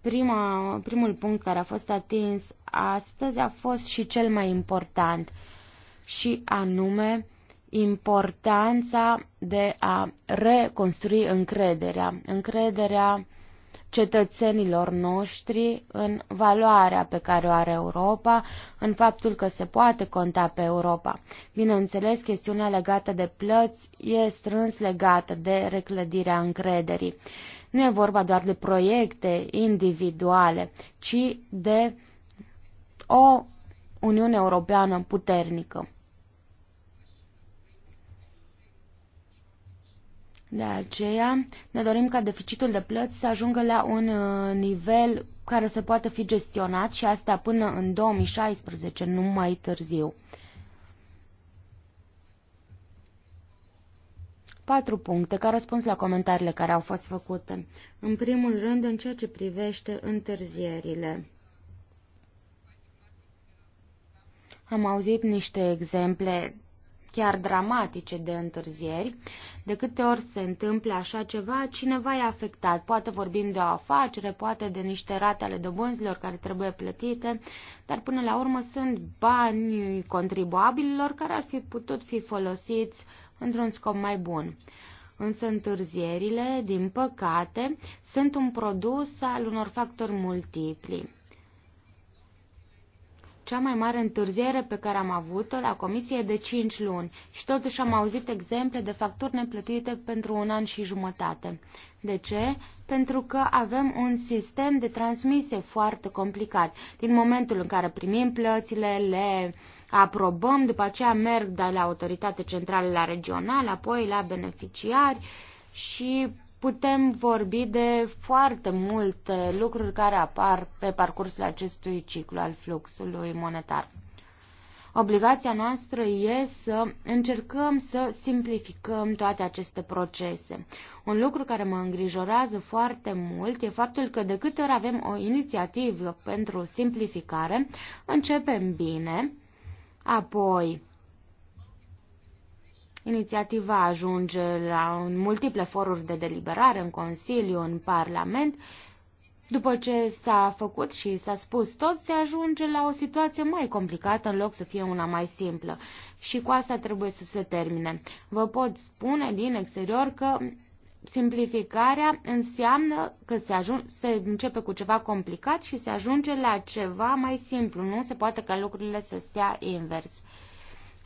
prima, primul punct care a fost atins astăzi a fost și cel mai important, și anume importanța de a reconstrui încrederea, încrederea cetățenilor noștri în valoarea pe care o are Europa, în faptul că se poate conta pe Europa. Bineînțeles, chestiunea legată de plăți e strâns legată de reclădirea încrederii. Nu e vorba doar de proiecte individuale, ci de o Uniune Europeană puternică. De aceea ne dorim ca deficitul de plăți să ajungă la un uh, nivel care să poată fi gestionat și asta până în 2016, nu mai târziu. Patru puncte ca răspuns la comentariile care au fost făcute. În primul rând, în ceea ce privește întârzierile. Am auzit niște exemple chiar dramatice de întârzieri. De câte ori se întâmplă așa ceva, cineva e afectat. Poate vorbim de o afacere, poate de niște rate ale dobânzilor care trebuie plătite, dar până la urmă sunt bani contribuabililor care ar fi putut fi folosiți într-un scop mai bun însă întârzierile, din păcate, sunt un produs al unor factori multipli. Cea mai mare întârziere pe care am avut-o la comisie de 5 luni și totuși am auzit exemple de facturi neplătite pentru un an și jumătate. De ce? Pentru că avem un sistem de transmisie foarte complicat. Din momentul în care primim plățile, le aprobăm, după aceea merg de la autoritate centrală la regional, apoi la beneficiari și putem vorbi de foarte multe lucruri care apar pe parcursul acestui ciclu al fluxului monetar. Obligația noastră e să încercăm să simplificăm toate aceste procese. Un lucru care mă îngrijorează foarte mult e faptul că de câte ori avem o inițiativă pentru simplificare, începem bine, apoi Inițiativa ajunge la un multiple foruri de deliberare în Consiliu, în Parlament. După ce s-a făcut și s-a spus tot, se ajunge la o situație mai complicată în loc să fie una mai simplă. Și cu asta trebuie să se termine. Vă pot spune din exterior că simplificarea înseamnă că se, ajun, se începe cu ceva complicat și se ajunge la ceva mai simplu. Nu se poate ca lucrurile să stea invers.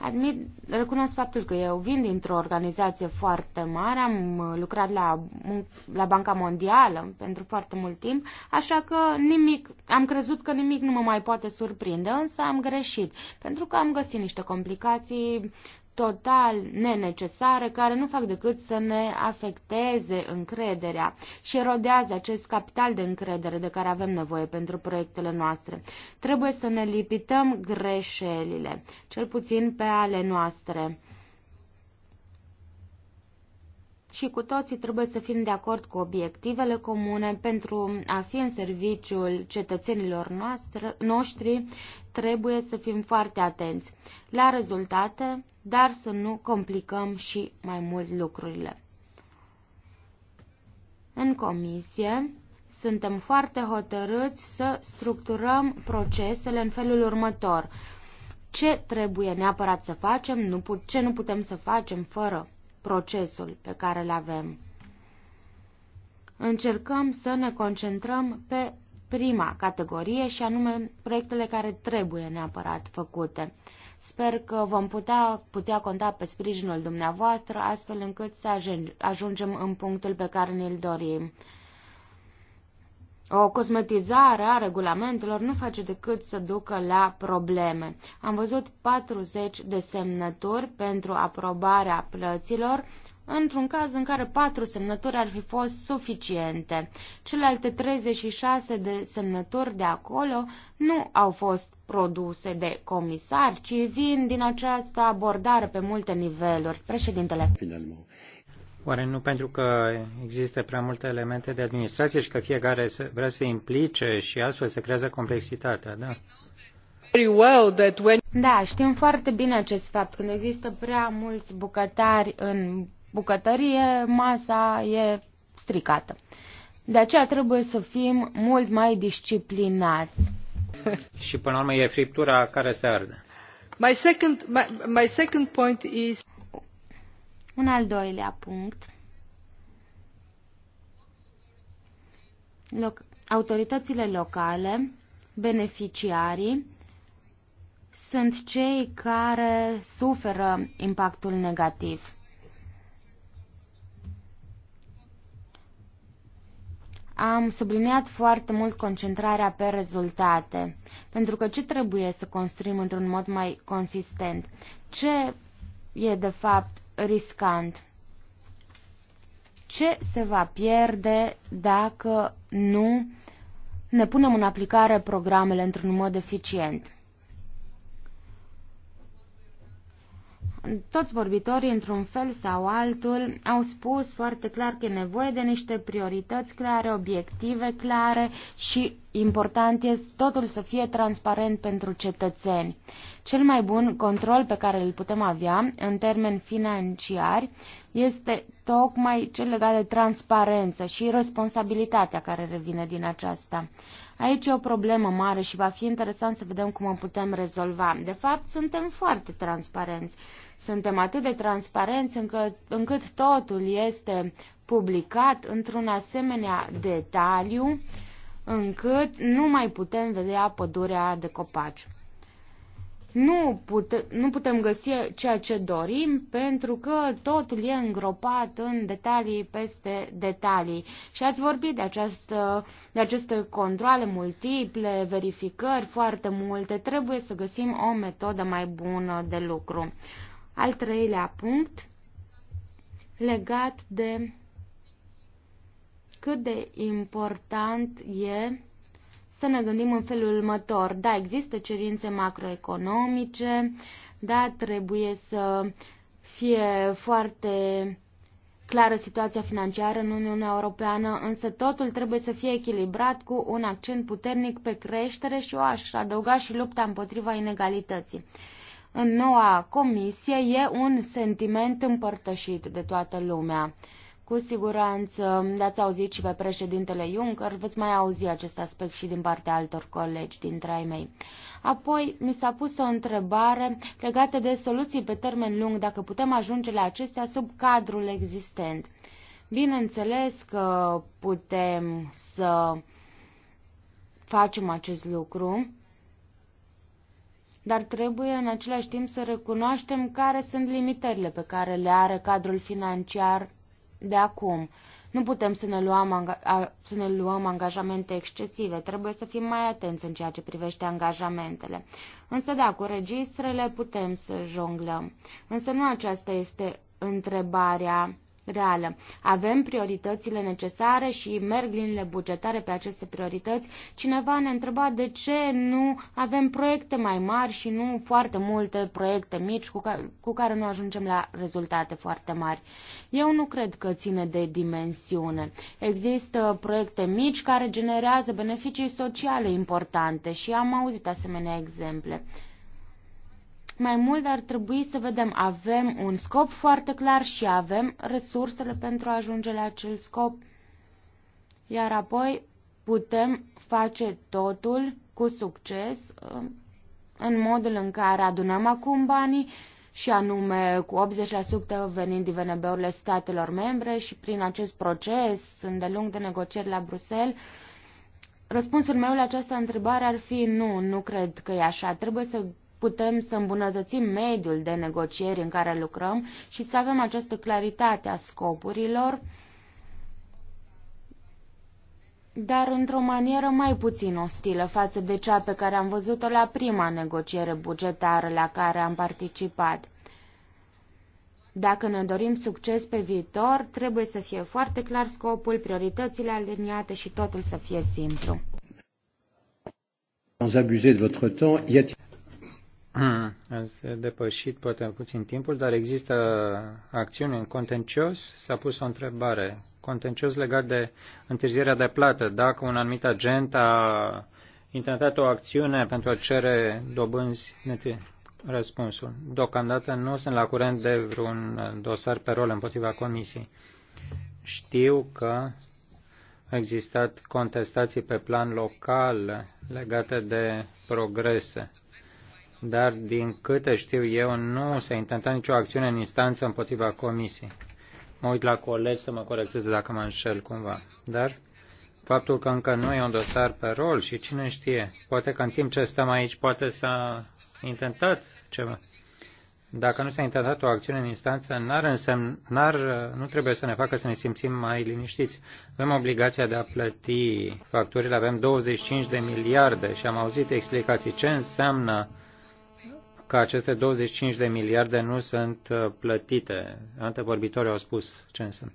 Admit, recunosc faptul că eu vin dintr-o organizație foarte mare, am uh, lucrat la, la Banca Mondială pentru foarte mult timp, așa că nimic, am crezut că nimic nu mă mai poate surprinde, însă am greșit, pentru că am găsit niște complicații total nenecesare, care nu fac decât să ne afecteze încrederea și erodează acest capital de încredere de care avem nevoie pentru proiectele noastre. Trebuie să ne lipităm greșelile, cel puțin pe ale noastre și cu toții trebuie să fim de acord cu obiectivele comune pentru a fi în serviciul cetățenilor noastră, noștri, trebuie să fim foarte atenți la rezultate, dar să nu complicăm și mai mult lucrurile. În comisie, suntem foarte hotărâți să structurăm procesele în felul următor. Ce trebuie neapărat să facem, nu put, ce nu putem să facem fără procesul pe care îl avem. Încercăm să ne concentrăm pe prima categorie și anume proiectele care trebuie neapărat făcute. Sper că vom putea, putea conta pe sprijinul dumneavoastră astfel încât să ajungem în punctul pe care ne-l dorim. O cosmetizare a regulamentelor nu face decât să ducă la probleme. Am văzut 40 de semnături pentru aprobarea plăților, într-un caz în care patru semnături ar fi fost suficiente. Celelalte 36 de semnături de acolo nu au fost produse de comisar, ci vin din această abordare pe multe niveluri. Președintele. Oare nu pentru că există prea multe elemente de administrație și că fiecare vrea să se implice și astfel se creează complexitatea, da? Da, știm foarte bine acest fapt. Când există prea mulți bucătari în bucătărie, masa e stricată. De aceea trebuie să fim mult mai disciplinați. și până la urmă e friptura care se arde. My second, my, my second point is... Un al doilea punct. Loc autoritățile locale, beneficiarii, sunt cei care suferă impactul negativ. Am subliniat foarte mult concentrarea pe rezultate, pentru că ce trebuie să construim într-un mod mai consistent? Ce e de fapt riscant. Ce se va pierde dacă nu ne punem în aplicare programele într-un mod eficient? toți vorbitorii, într-un fel sau altul, au spus foarte clar că e nevoie de niște priorități clare, obiective clare și important este totul să fie transparent pentru cetățeni. Cel mai bun control pe care îl putem avea în termeni financiari este tocmai cel legat de transparență și responsabilitatea care revine din aceasta. Aici e o problemă mare și va fi interesant să vedem cum o putem rezolva. De fapt, suntem foarte transparenți. Suntem atât de transparenți încât, încât totul este publicat într-un asemenea detaliu încât nu mai putem vedea pădurea de copaci nu, pute, nu putem găsi ceea ce dorim pentru că totul e îngropat în detalii peste detalii. Și ați vorbit de, această, de aceste controle multiple, verificări foarte multe. Trebuie să găsim o metodă mai bună de lucru. Al treilea punct legat de cât de important e să ne gândim în felul următor. Da, există cerințe macroeconomice, da, trebuie să fie foarte clară situația financiară în Uniunea Europeană, însă totul trebuie să fie echilibrat cu un accent puternic pe creștere și o aș adăuga și lupta împotriva inegalității. În noua comisie e un sentiment împărtășit de toată lumea. Cu siguranță dați ați auzit și pe președintele Juncker, veți mai auzi acest aspect și din partea altor colegi dintre ai mei. Apoi mi s-a pus o întrebare legată de soluții pe termen lung, dacă putem ajunge la acestea sub cadrul existent. Bineînțeles că putem să facem acest lucru, dar trebuie în același timp să recunoaștem care sunt limitările pe care le are cadrul financiar de acum. Nu putem să ne, luăm să ne luăm angajamente excesive, trebuie să fim mai atenți în ceea ce privește angajamentele. Însă da, cu registrele putem să jonglăm. Însă nu aceasta este întrebarea reală. Avem prioritățile necesare și merg liniile bugetare pe aceste priorități. Cineva ne întreba de ce nu avem proiecte mai mari și nu foarte multe proiecte mici cu care, cu care nu ajungem la rezultate foarte mari. Eu nu cred că ține de dimensiune. Există proiecte mici care generează beneficii sociale importante și am auzit asemenea exemple. Mai mult ar trebui să vedem, avem un scop foarte clar și avem resursele pentru a ajunge la acel scop, iar apoi putem face totul cu succes uh, în modul în care adunăm acum banii și anume cu 80% venind din VNB-urile statelor membre și prin acest proces îndelung de negocieri la Bruxelles, Răspunsul meu la această întrebare ar fi nu, nu cred că e așa. Trebuie să putem să îmbunătățim mediul de negocieri în care lucrăm și să avem această claritate a scopurilor, dar într-o manieră mai puțin ostilă față de cea pe care am văzut-o la prima negociere bugetară la care am participat. Dacă ne dorim succes pe viitor, trebuie să fie foarte clar scopul, prioritățile aliniate și totul să fie simplu. Sans abuser de votre temps, y a Hmm, ați depășit poate puțin timpul, dar există acțiune în contencios. S-a pus o întrebare. Contencios legat de întârzierea de plată. Dacă un anumit agent a intentat o acțiune pentru a cere dobânzi, răspunsul. Deocamdată nu sunt la curent de vreun dosar pe rol împotriva comisiei. Știu că au existat contestații pe plan local legate de progrese dar din câte știu eu, nu s-a intentat nicio acțiune în instanță împotriva comisiei. Mă uit la colegi să mă corecteze dacă mă înșel cumva. Dar faptul că încă nu e un dosar pe rol și cine știe, poate că în timp ce stăm aici, poate s-a intentat ceva. Dacă nu s-a intentat o acțiune în instanță, n-ar însemn, n-ar, nu trebuie să ne facă să ne simțim mai liniștiți. Avem obligația de a plăti facturile, avem 25 de miliarde și am auzit explicații ce înseamnă uh, că aceste 25 de miliarde nu sunt uh, plătite. Antevorbitorii au spus ce înseamnă.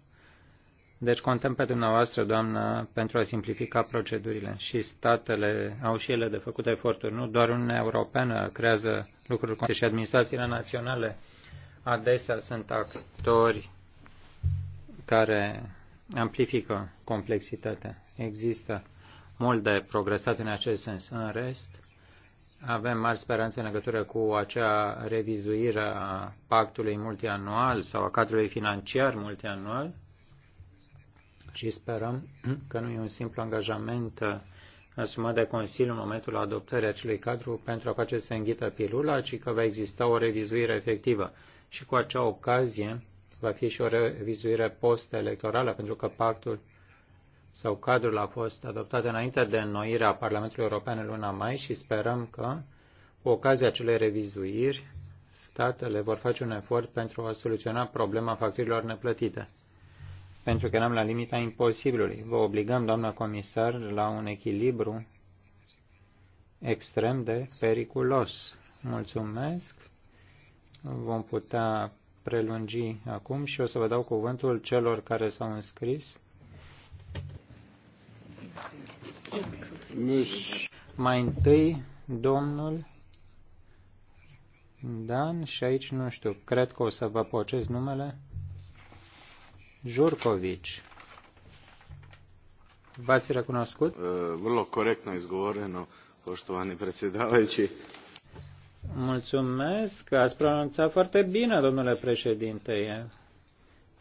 Deci contăm pe dumneavoastră, doamnă, pentru a simplifica procedurile. Și statele au și ele de făcut eforturi, nu doar Uniunea Europeană creează lucruri și administrațiile naționale adesea sunt actori care amplifică complexitatea. Există mult de progresat în acest sens. În rest, avem mari speranțe în legătură cu acea revizuire a pactului multianual sau a cadrului financiar multianual și sperăm că nu e un simplu angajament asumat de Consiliu în momentul adoptării acelui cadru pentru a face să înghită pilula, ci că va exista o revizuire efectivă. Și cu acea ocazie va fi și o revizuire post-electorală, pentru că pactul sau cadrul a fost adoptat înainte de înnoirea Parlamentului European în luna mai și sperăm că, cu ocazia acelei revizuiri, statele vor face un efort pentru a soluționa problema facturilor neplătite. Pentru că eram la limita imposibilului. Vă obligăm, doamna comisar, la un echilibru extrem de periculos. Mulțumesc. Vom putea prelungi acum și o să vă dau cuvântul celor care s-au înscris mai întâi, domnul Dan, și aici nu știu, cred că o să vă pocez numele, Jurkovici. V-ați recunoscut? Uh, vrlo corectno izgovoreno, poștovani predsjedavajući. Mulțumesc ați pronunțat foarte bine, domnule președinte. E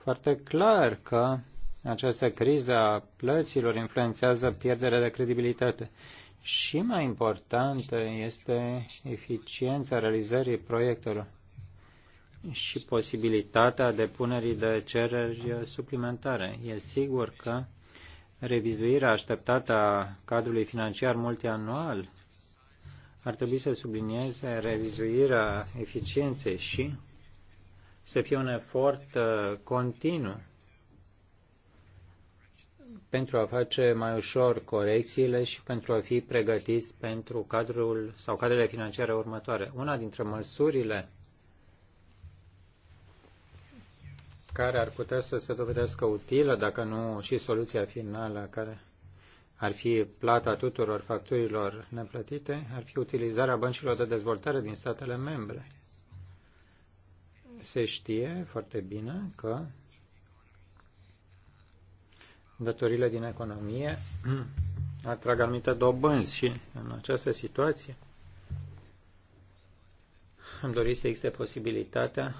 foarte clar că această criză a plăților influențează pierderea de credibilitate. Și mai importantă este eficiența realizării proiectelor și posibilitatea depunerii de cereri suplimentare. E sigur că revizuirea așteptată a cadrului financiar multianual ar trebui să sublinieze revizuirea eficienței și să fie un efort uh, continuu pentru a face mai ușor corecțiile și pentru a fi pregătiți pentru cadrul sau cadrele financiare următoare. Una dintre măsurile care ar putea să se dovedească utilă, dacă nu și soluția finală care ar fi plata tuturor facturilor neplătite, ar fi utilizarea băncilor de dezvoltare din statele membre. Se știe foarte bine că Datorile din economie atrag anumite dobânzi și în această situație am dorit să existe posibilitatea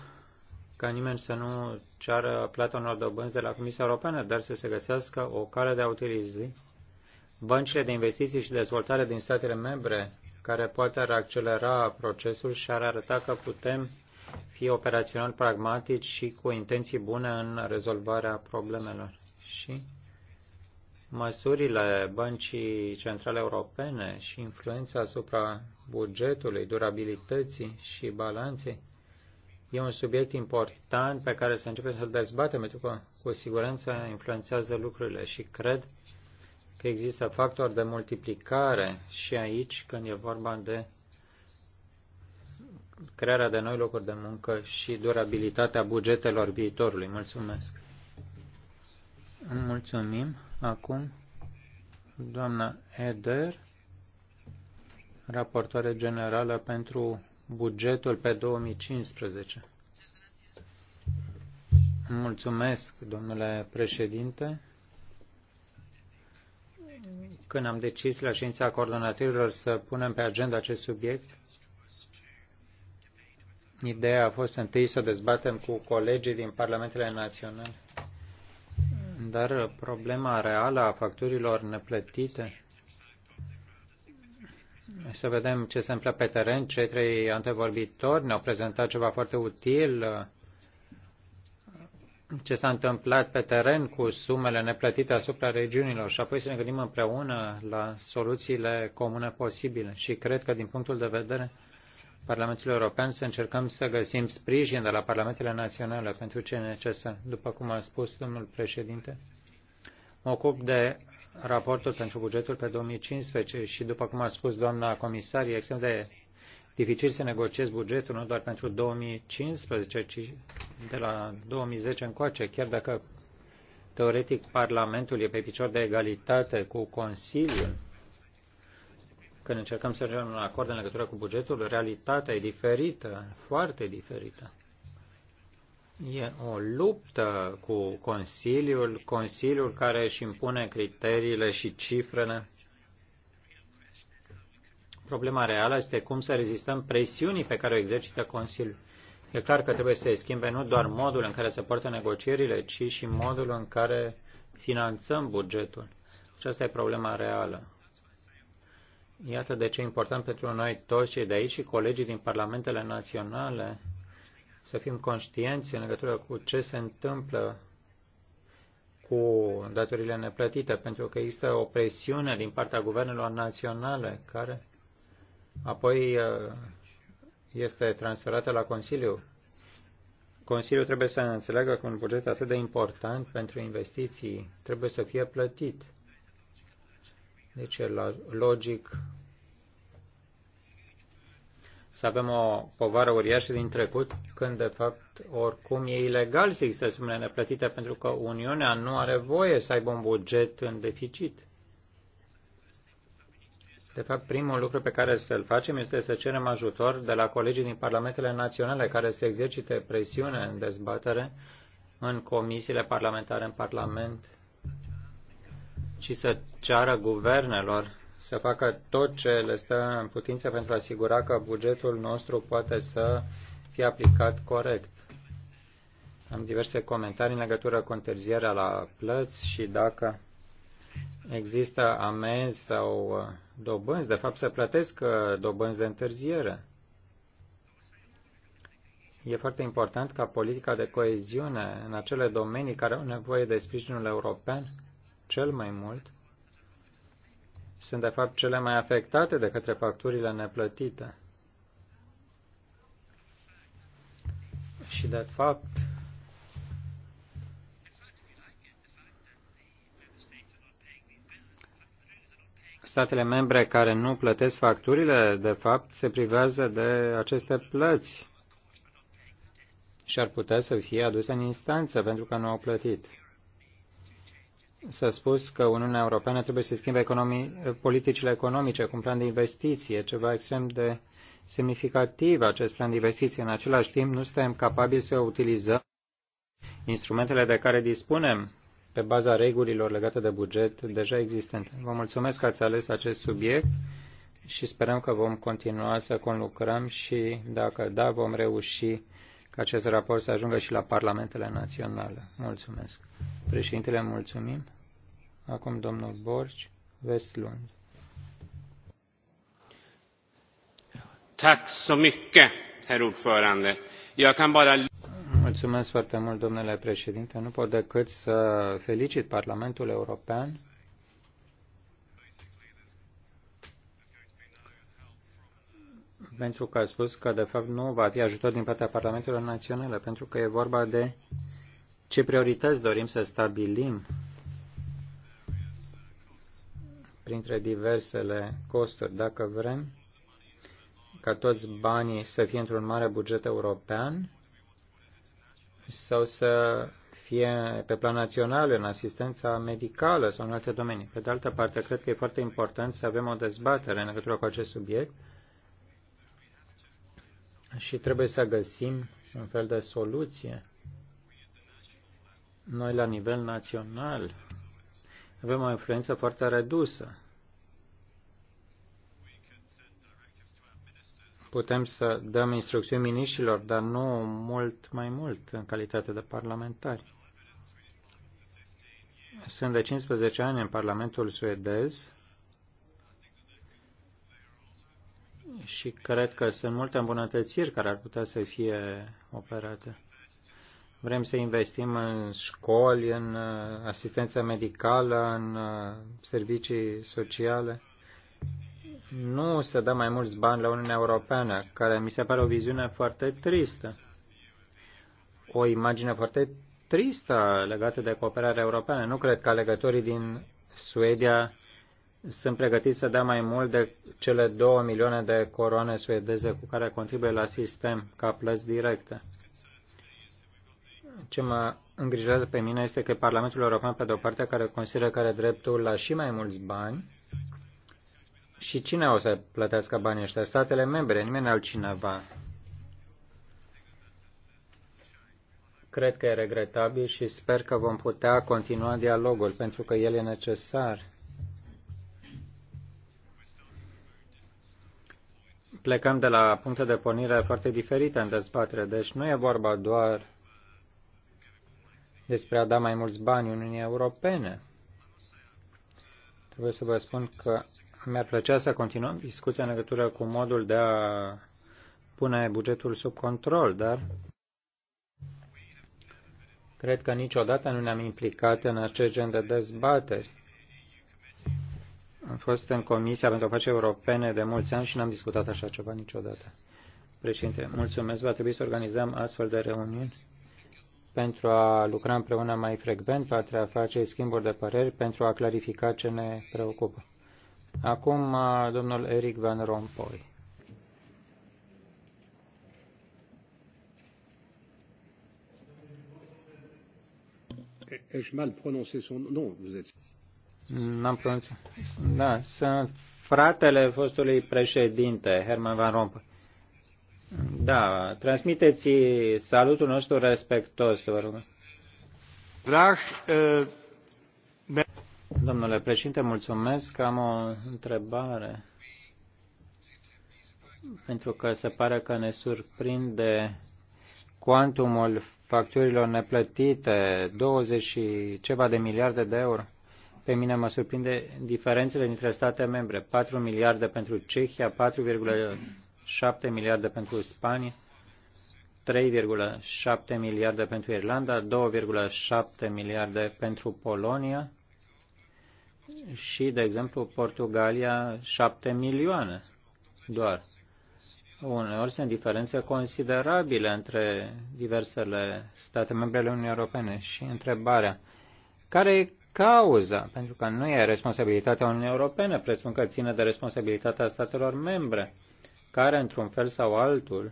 ca nimeni să nu ceară plata unor dobânzi de la Comisia Europeană, dar să se găsească o cale de a utiliza băncile de investiții și dezvoltare din statele membre, care poate ar accelera procesul și ar arăta că putem fi operațional pragmatici și cu intenții bune în rezolvarea problemelor. Și măsurile Băncii Centrale Europene și influența asupra bugetului, durabilității și balanței e un subiect important pe care să începem să-l dezbatem, pentru că cu siguranță influențează lucrurile și cred că există factori de multiplicare și aici când e vorba de crearea de noi locuri de muncă și durabilitatea bugetelor viitorului. Mulțumesc! Mulțumim! Acum, doamna Eder, raportoare generală pentru bugetul pe 2015. Mulțumesc, domnule președinte. Când am decis la ședința coordonatorilor să punem pe agenda acest subiect, ideea a fost întâi să dezbatem cu colegii din Parlamentele Naționale dar problema reală a facturilor neplătite, să vedem ce se întâmplă pe teren. Cei trei antevorbitori ne-au prezentat ceva foarte util, ce s-a întâmplat pe teren cu sumele neplătite asupra regiunilor și apoi să ne gândim împreună la soluțiile comune posibile. Și cred că din punctul de vedere Parlamentului European să încercăm să găsim sprijin de la Parlamentele Naționale pentru ce e necesar. După cum a spus domnul președinte, mă ocup de raportul pentru bugetul pe 2015 și, după cum a spus doamna comisar, e extrem de dificil să negociezi bugetul nu doar pentru 2015, ci de la 2010 încoace, chiar dacă teoretic Parlamentul e pe picior de egalitate cu Consiliul când încercăm să ajungem la acord în legătură cu bugetul, realitatea e diferită, foarte diferită. E o luptă cu Consiliul, Consiliul care își impune criteriile și cifrele. Problema reală este cum să rezistăm presiunii pe care o exercită Consiliul. E clar că trebuie să se schimbe nu doar modul în care se poartă negocierile, ci și modul în care finanțăm bugetul. Și asta e problema reală. Iată de ce e important pentru noi toți cei de aici și colegii din parlamentele naționale să fim conștienți în legătură cu ce se întâmplă cu datorile neplătite, pentru că există o presiune din partea guvernelor naționale care apoi uh, este transferată la Consiliu. Consiliul trebuie să înțeleagă că un buget atât de important pentru investiții trebuie să fie plătit deci e logic să avem o povară uriașă din trecut, când de fapt oricum e ilegal să existe sume neplătite pentru că Uniunea nu are voie să aibă un buget în deficit. De fapt, primul lucru pe care să-l facem este să cerem ajutor de la colegii din parlamentele naționale care să exercite presiune în dezbatere în comisiile parlamentare în Parlament ci să ceară guvernelor să facă tot ce le stă în putință pentru a asigura că bugetul nostru poate să fie aplicat corect. Am diverse comentarii în legătură cu întârzierea la plăți și dacă există amenzi sau uh, dobânzi, de fapt să plătesc uh, dobânzi de întârziere. E foarte important ca politica de coeziune în acele domenii care au nevoie de sprijinul european cel mai mult sunt de fapt cele mai afectate de către facturile neplătite. Și de fapt, statele membre care nu plătesc facturile, de fapt, se privează de aceste plăți și ar putea să fie aduse în instanță pentru că nu au plătit s-a spus că Uniunea Europeană trebuie să schimbe economii, politicile economice cu un plan de investiție, ceva extrem de semnificativ acest plan de investiție. În același timp, nu suntem capabili să utilizăm instrumentele de care dispunem pe baza regulilor legate de buget deja existente. Vă mulțumesc că ați ales acest subiect și sperăm că vom continua să conlucrăm și, dacă da, vom reuși ca acest raport să ajungă și la parlamentele naționale. Mulțumesc. Președintele, mulțumim. Acum domnul Borci, Vestlund. Tack så mycket, herr ordförande. Jag kan bara... Mulțumesc foarte mult, domnule președinte. Nu pot decât să felicit Parlamentul European pentru că a spus că, de fapt, nu va fi ajutor din partea Parlamentelor Naționale, pentru că e vorba de ce priorități dorim să stabilim printre diversele costuri. Dacă vrem ca toți banii să fie într-un mare buget european sau să fie pe plan național, în asistența medicală sau în alte domenii. Pe de altă parte, cred că e foarte important să avem o dezbatere în legătură cu acest subiect și trebuie să găsim un fel de soluție. Noi, la nivel național, avem o influență foarte redusă. Putem să dăm instrucțiuni miniștilor, dar nu mult mai mult în calitate de parlamentari. Sunt de 15 ani în Parlamentul suedez și cred că sunt multe îmbunătățiri care ar putea să fie operate. Vrem să investim în școli, în uh, asistență medicală, în uh, servicii sociale. Nu să dăm mai mulți bani la Uniunea Europeană, care mi se pare o viziune foarte tristă. O imagine foarte tristă legată de cooperarea europeană. Nu cred că alegătorii din Suedia sunt pregătiți să dea mai mult de cele 2 milioane de coroane suedeze cu care contribuie la sistem ca plăți directe. Ce mă îngrijează pe mine este că Parlamentul European, pe de-o parte, care consideră că are dreptul la și mai mulți bani, și cine o să plătească banii ăștia? Statele membre, nimeni altcineva. Cred că e regretabil și sper că vom putea continua dialogul, pentru că el e necesar plecăm de la puncte de pornire foarte diferite în dezbatere, deci nu e vorba doar despre a da mai mulți bani Uniunii Europene. Trebuie să vă spun că mi-ar plăcea să continuăm discuția în legătură cu modul de a pune bugetul sub control, dar cred că niciodată nu ne-am implicat în acest gen de dezbateri am fost în Comisia pentru Afaceri Europene de mulți ani și n-am discutat așa ceva niciodată. Președinte, mulțumesc. Va trebui să organizăm astfel de reuniuni pentru a lucra împreună mai frecvent, pentru a face schimburi de păreri, pentru a clarifica ce ne preocupă. Acum, domnul Eric Van Rompuy. Ai-je mal prononcé son nom Vous êtes N-am pronunțat. Da, sunt fratele fostului președinte, Herman Van Rompuy. Da, transmiteți salutul nostru respectos, vă rog. Drag, uh, eh, ne... Domnule președinte, mulțumesc. Am o întrebare. Pentru că se pare că ne surprinde cuantumul facturilor neplătite, 20 și ceva de miliarde de euro. Pe mine mă surprinde diferențele dintre state membre. 4 miliarde pentru Cehia, 4,7 miliarde pentru Spania, 3,7 miliarde pentru Irlanda, 2,7 miliarde pentru Polonia și, de exemplu, Portugalia 7 milioane doar. Uneori sunt diferențe considerabile între diversele state membre ale Uniunii Europene și întrebarea, care e cauză, pentru că nu e responsabilitatea Uniunii Europene, presupun că ține de responsabilitatea statelor membre, care, într-un fel sau altul,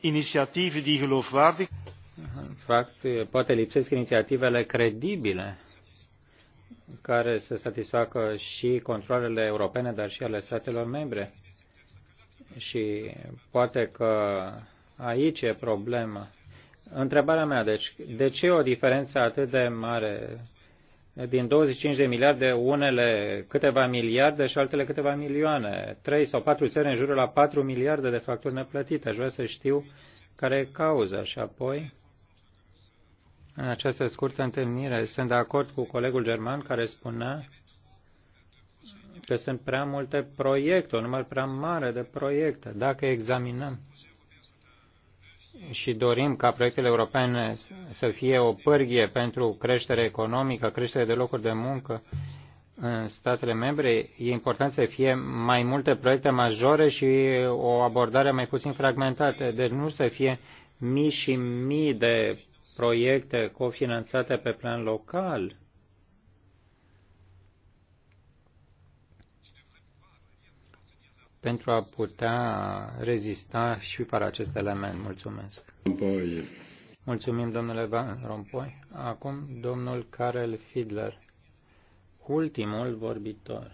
inițiative de geloofwaardig. În fapt, poate lipsesc inițiativele credibile care să satisfacă și controlele europene, dar și ale statelor membre. Și poate că aici e problema Întrebarea mea, deci, de ce o diferență atât de mare din 25 de miliarde, unele câteva miliarde și altele câteva milioane? Trei sau patru țări în jurul la patru miliarde de facturi neplătite. Aș vrea să știu care e cauza și apoi... În această scurtă întâlnire sunt de acord cu colegul german care spunea că sunt prea multe proiecte, un număr prea mare de proiecte. Dacă examinăm și dorim ca proiectele europene să fie o pârghie pentru creștere economică, creștere de locuri de muncă în statele membre, e important să fie mai multe proiecte majore și o abordare mai puțin fragmentată, deci nu să fie mii și mii de proiecte cofinanțate pe plan local, pentru a putea rezista și fără acest element. Mulțumesc. Rompoi. Mulțumim, domnule Van Rompoi. Acum, domnul Karel Fidler, ultimul vorbitor.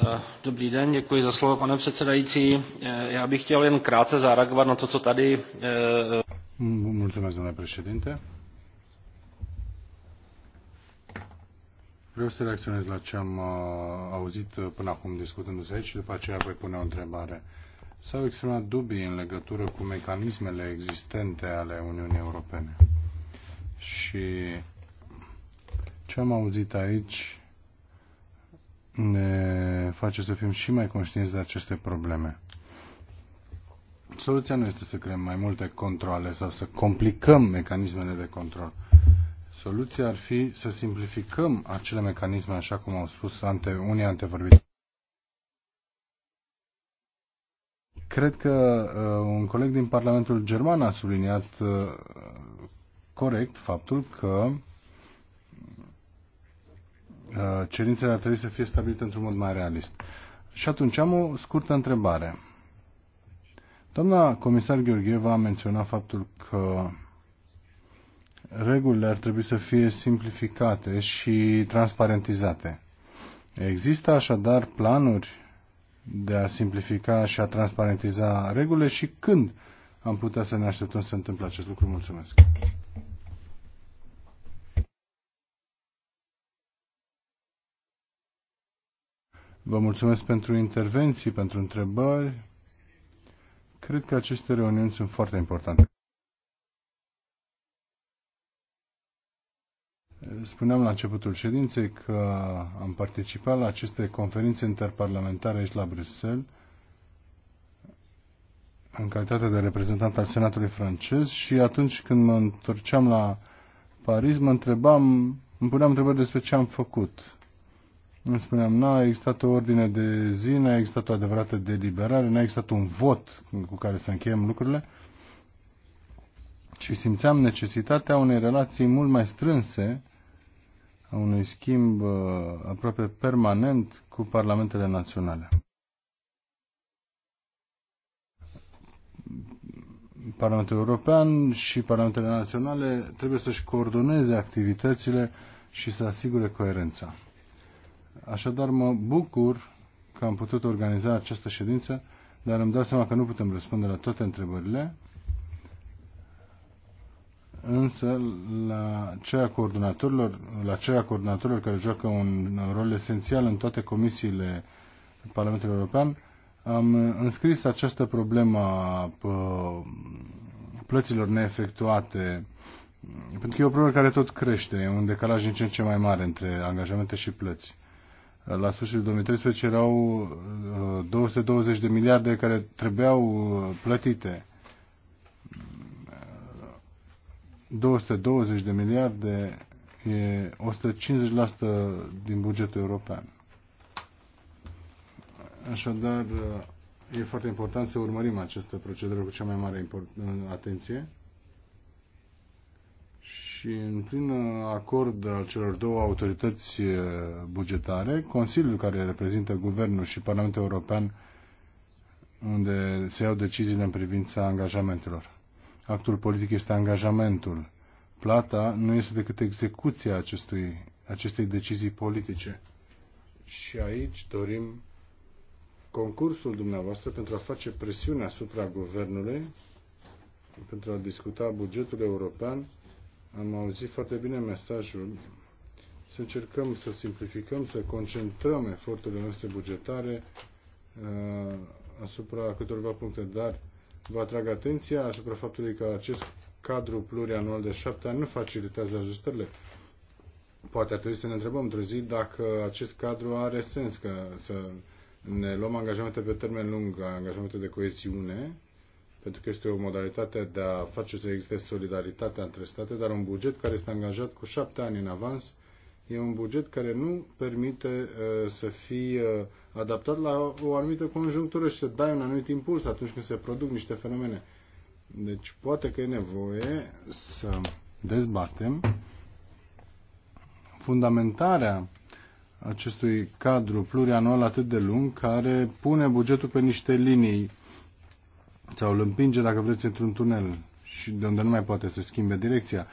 Eh, dobrý den, děkuji za slovo, pane předsedající. Eh, já bych chtěl jen krátce zareagovat na to, co tady... Eh, mulțumesc, domnule președinte. Vreau să reacționez la ce am uh, auzit uh, până acum discutându-se aici și după aceea voi pune o întrebare. S-au exprimat dubii în legătură cu mecanismele existente ale Uniunii Europene. Și ce am auzit aici ne face să fim și mai conștienți de aceste probleme. Soluția nu este să creăm mai multe controle sau să complicăm mecanismele de control. Soluția ar fi să simplificăm acele mecanisme, așa cum au spus ante, unii antevorbitori. Cred că uh, un coleg din Parlamentul German a subliniat uh, corect faptul că uh, cerințele ar trebui să fie stabilite într-un mod mai realist. Și atunci am o scurtă întrebare. Doamna comisar Gheorgheva a menționat faptul că regulile ar trebui să fie simplificate și transparentizate. Există așadar planuri de a simplifica și a transparentiza regulile și când am putea să ne așteptăm să întâmple acest lucru? Mulțumesc! Vă mulțumesc pentru intervenții, pentru întrebări. Cred că aceste reuniuni sunt foarte importante. Spuneam la începutul ședinței că am participat la aceste conferințe interparlamentare aici la Bruxelles în calitate de reprezentant al Senatului francez și atunci când mă întorceam la Paris, mă întrebam, îmi puneam întrebări despre ce am făcut. Îmi spuneam, n-a existat o ordine de zi, n-a existat o adevărată deliberare, n-a existat un vot cu care să încheiem lucrurile și simțeam necesitatea unei relații mult mai strânse, a unui schimb uh, aproape permanent cu parlamentele naționale. Parlamentul European și Parlamentele Naționale trebuie să-și coordoneze activitățile și să asigure coerența. Așadar, mă bucur că am putut organiza această ședință, dar îmi dau seama că nu putem răspunde la toate întrebările însă la cea coordonatorilor, la cea coordonatorilor care joacă un rol esențial în toate comisiile Parlamentului European, am înscris această problemă a plăților neefectuate, pentru că e o problemă care tot crește, e un decalaj din ce în ce mai mare între angajamente și plăți. La sfârșitul 2013 erau 220 uh, de miliarde care trebuiau uh, plătite 220 de miliarde e 150% din bugetul european. Așadar, e foarte important să urmărim această procedură cu cea mai mare atenție și în plin acord al celor două autorități bugetare, Consiliul care reprezintă Guvernul și Parlamentul European, unde se iau deciziile în privința angajamentelor. Actul politic este angajamentul. Plata nu este decât execuția acestui, acestei decizii politice. Și aici dorim concursul dumneavoastră pentru a face presiune asupra guvernului, pentru a discuta bugetul european. Am auzit foarte bine mesajul să încercăm să simplificăm, să concentrăm eforturile noastre bugetare uh, asupra câtorva puncte, dar Vă atrag atenția asupra faptului că acest cadru plurianual de șapte ani nu facilitează ajustările. Poate ar trebui să ne întrebăm într-o zi dacă acest cadru are sens că să ne luăm angajamente pe termen lung, angajamente de coeziune, pentru că este o modalitate de a face să existe solidaritatea între state, dar un buget care este angajat cu șapte ani în avans E un buget care nu permite uh, să fie uh, adaptat la o anumită conjunctură și să dai un anumit impuls atunci când se produc niște fenomene. Deci poate că e nevoie să dezbatem fundamentarea acestui cadru plurianual atât de lung care pune bugetul pe niște linii sau îl împinge, dacă vreți, într-un tunel și de unde nu mai poate să schimbe direcția.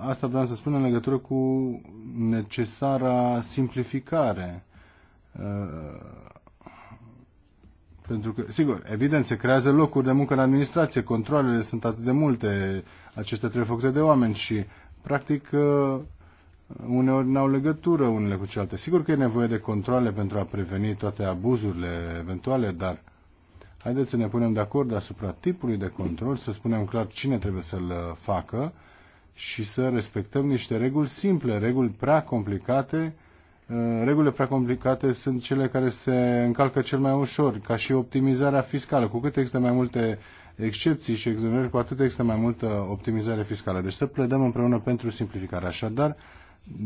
Asta vreau să spun în legătură cu necesara simplificare. Pentru că, sigur, evident, se creează locuri de muncă în administrație, controlele sunt atât de multe, acestea trebuie făcute de oameni și, practic, uneori n-au legătură unele cu celelalte. Sigur că e nevoie de controle pentru a preveni toate abuzurile eventuale, dar haideți să ne punem de acord asupra tipului de control, să spunem clar cine trebuie să-l facă și să respectăm niște reguli simple, reguli prea complicate. Uh, regulile prea complicate sunt cele care se încalcă cel mai ușor, ca și optimizarea fiscală. Cu cât există mai multe excepții și exonerări, cu atât există mai multă optimizare fiscală. Deci să plădăm împreună pentru simplificare. Așadar,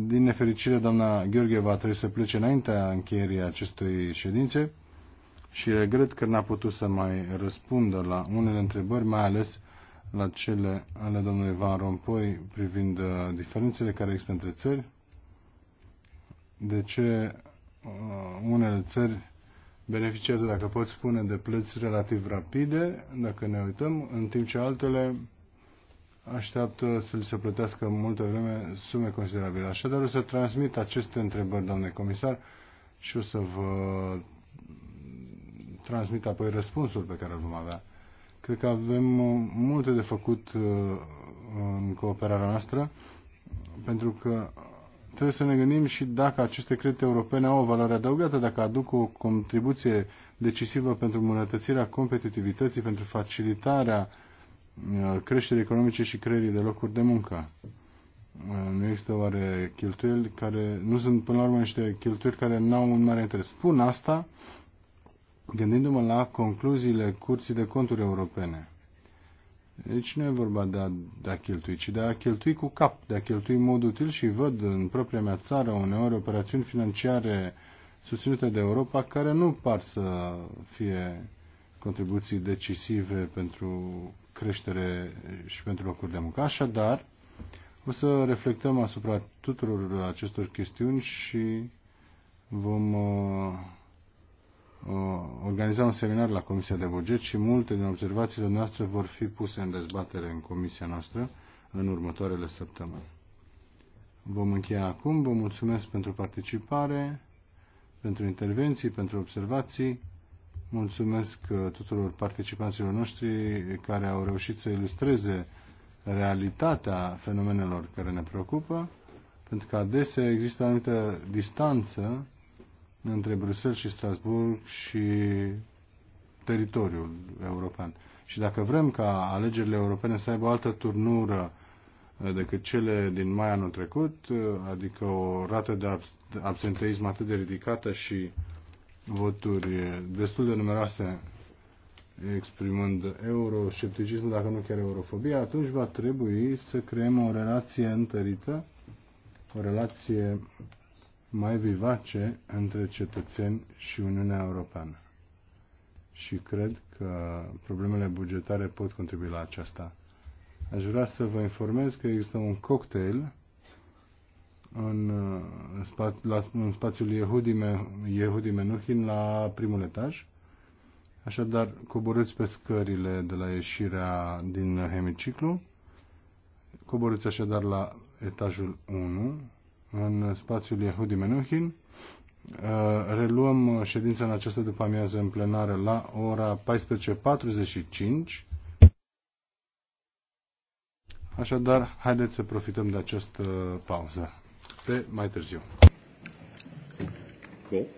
din nefericire, doamna Gheorghe va trebui să plece înaintea încheierii acestui ședințe și regret că n-a putut să mai răspundă la unele întrebări, mai ales la cele ale domnului Van Rompuy privind uh, diferențele care există între țări, de ce uh, unele țări beneficiază, dacă pot spune, de plăți relativ rapide, dacă ne uităm, în timp ce altele așteaptă să li se plătească multă vreme sume considerabile. Așadar, o să transmit aceste întrebări, domnule comisar, și o să vă transmit apoi răspunsul pe care îl vom avea. Cred că avem uh, multe de făcut uh, în cooperarea noastră, pentru că trebuie să ne gândim și dacă aceste credite europene au o valoare adăugată, dacă aduc o contribuție decisivă pentru îmbunătățirea competitivității, pentru facilitarea uh, creșterii economice și creierii de locuri de muncă. Nu există oare cheltuieli care, nu sunt până la urmă niște cheltuieli care n-au un mare interes. Spun asta gândindu-mă la concluziile Curții de Conturi Europene. Deci nu e vorba de a, de a cheltui, ci de a cheltui cu cap, de a cheltui în mod util și văd în propria mea țară uneori operațiuni financiare susținute de Europa care nu par să fie contribuții decisive pentru creștere și pentru locuri de muncă. Așadar, o să reflectăm asupra tuturor acestor chestiuni și vom uh, Organizăm un seminar la Comisia de Buget și multe din observațiile noastre vor fi puse în dezbatere în Comisia noastră în următoarele săptămâni. Vom încheia acum. Vă mulțumesc pentru participare, pentru intervenții, pentru observații. Mulțumesc uh, tuturor participanților noștri care au reușit să ilustreze realitatea fenomenelor care ne preocupă, pentru că adesea există anumită distanță între Bruxelles și Strasburg și teritoriul european. Și dacă vrem ca alegerile europene să aibă o altă turnură eh, decât cele din mai anul trecut, eh, adică o rată de absenteism atât de ridicată și voturi eh, destul de numeroase exprimând euroscepticism, dacă nu chiar eurofobia, atunci va trebui să creăm o relație întărită, o relație mai vivace între cetățeni și Uniunea Europeană. Și cred că problemele bugetare pot contribui la aceasta. Aș vrea să vă informez că există un cocktail în, spa, în spațiul Yehudi, Yehudi Menuhin la primul etaj. Așadar, coborâți pe scările de la ieșirea din hemiciclu, coborâți așadar la etajul 1, în spațiul Yehudi Menuhin. Uh, reluăm ședința în această după amiază în plenară la ora 14.45. Așadar, haideți să profităm de această pauză. Pe mai târziu. Cool.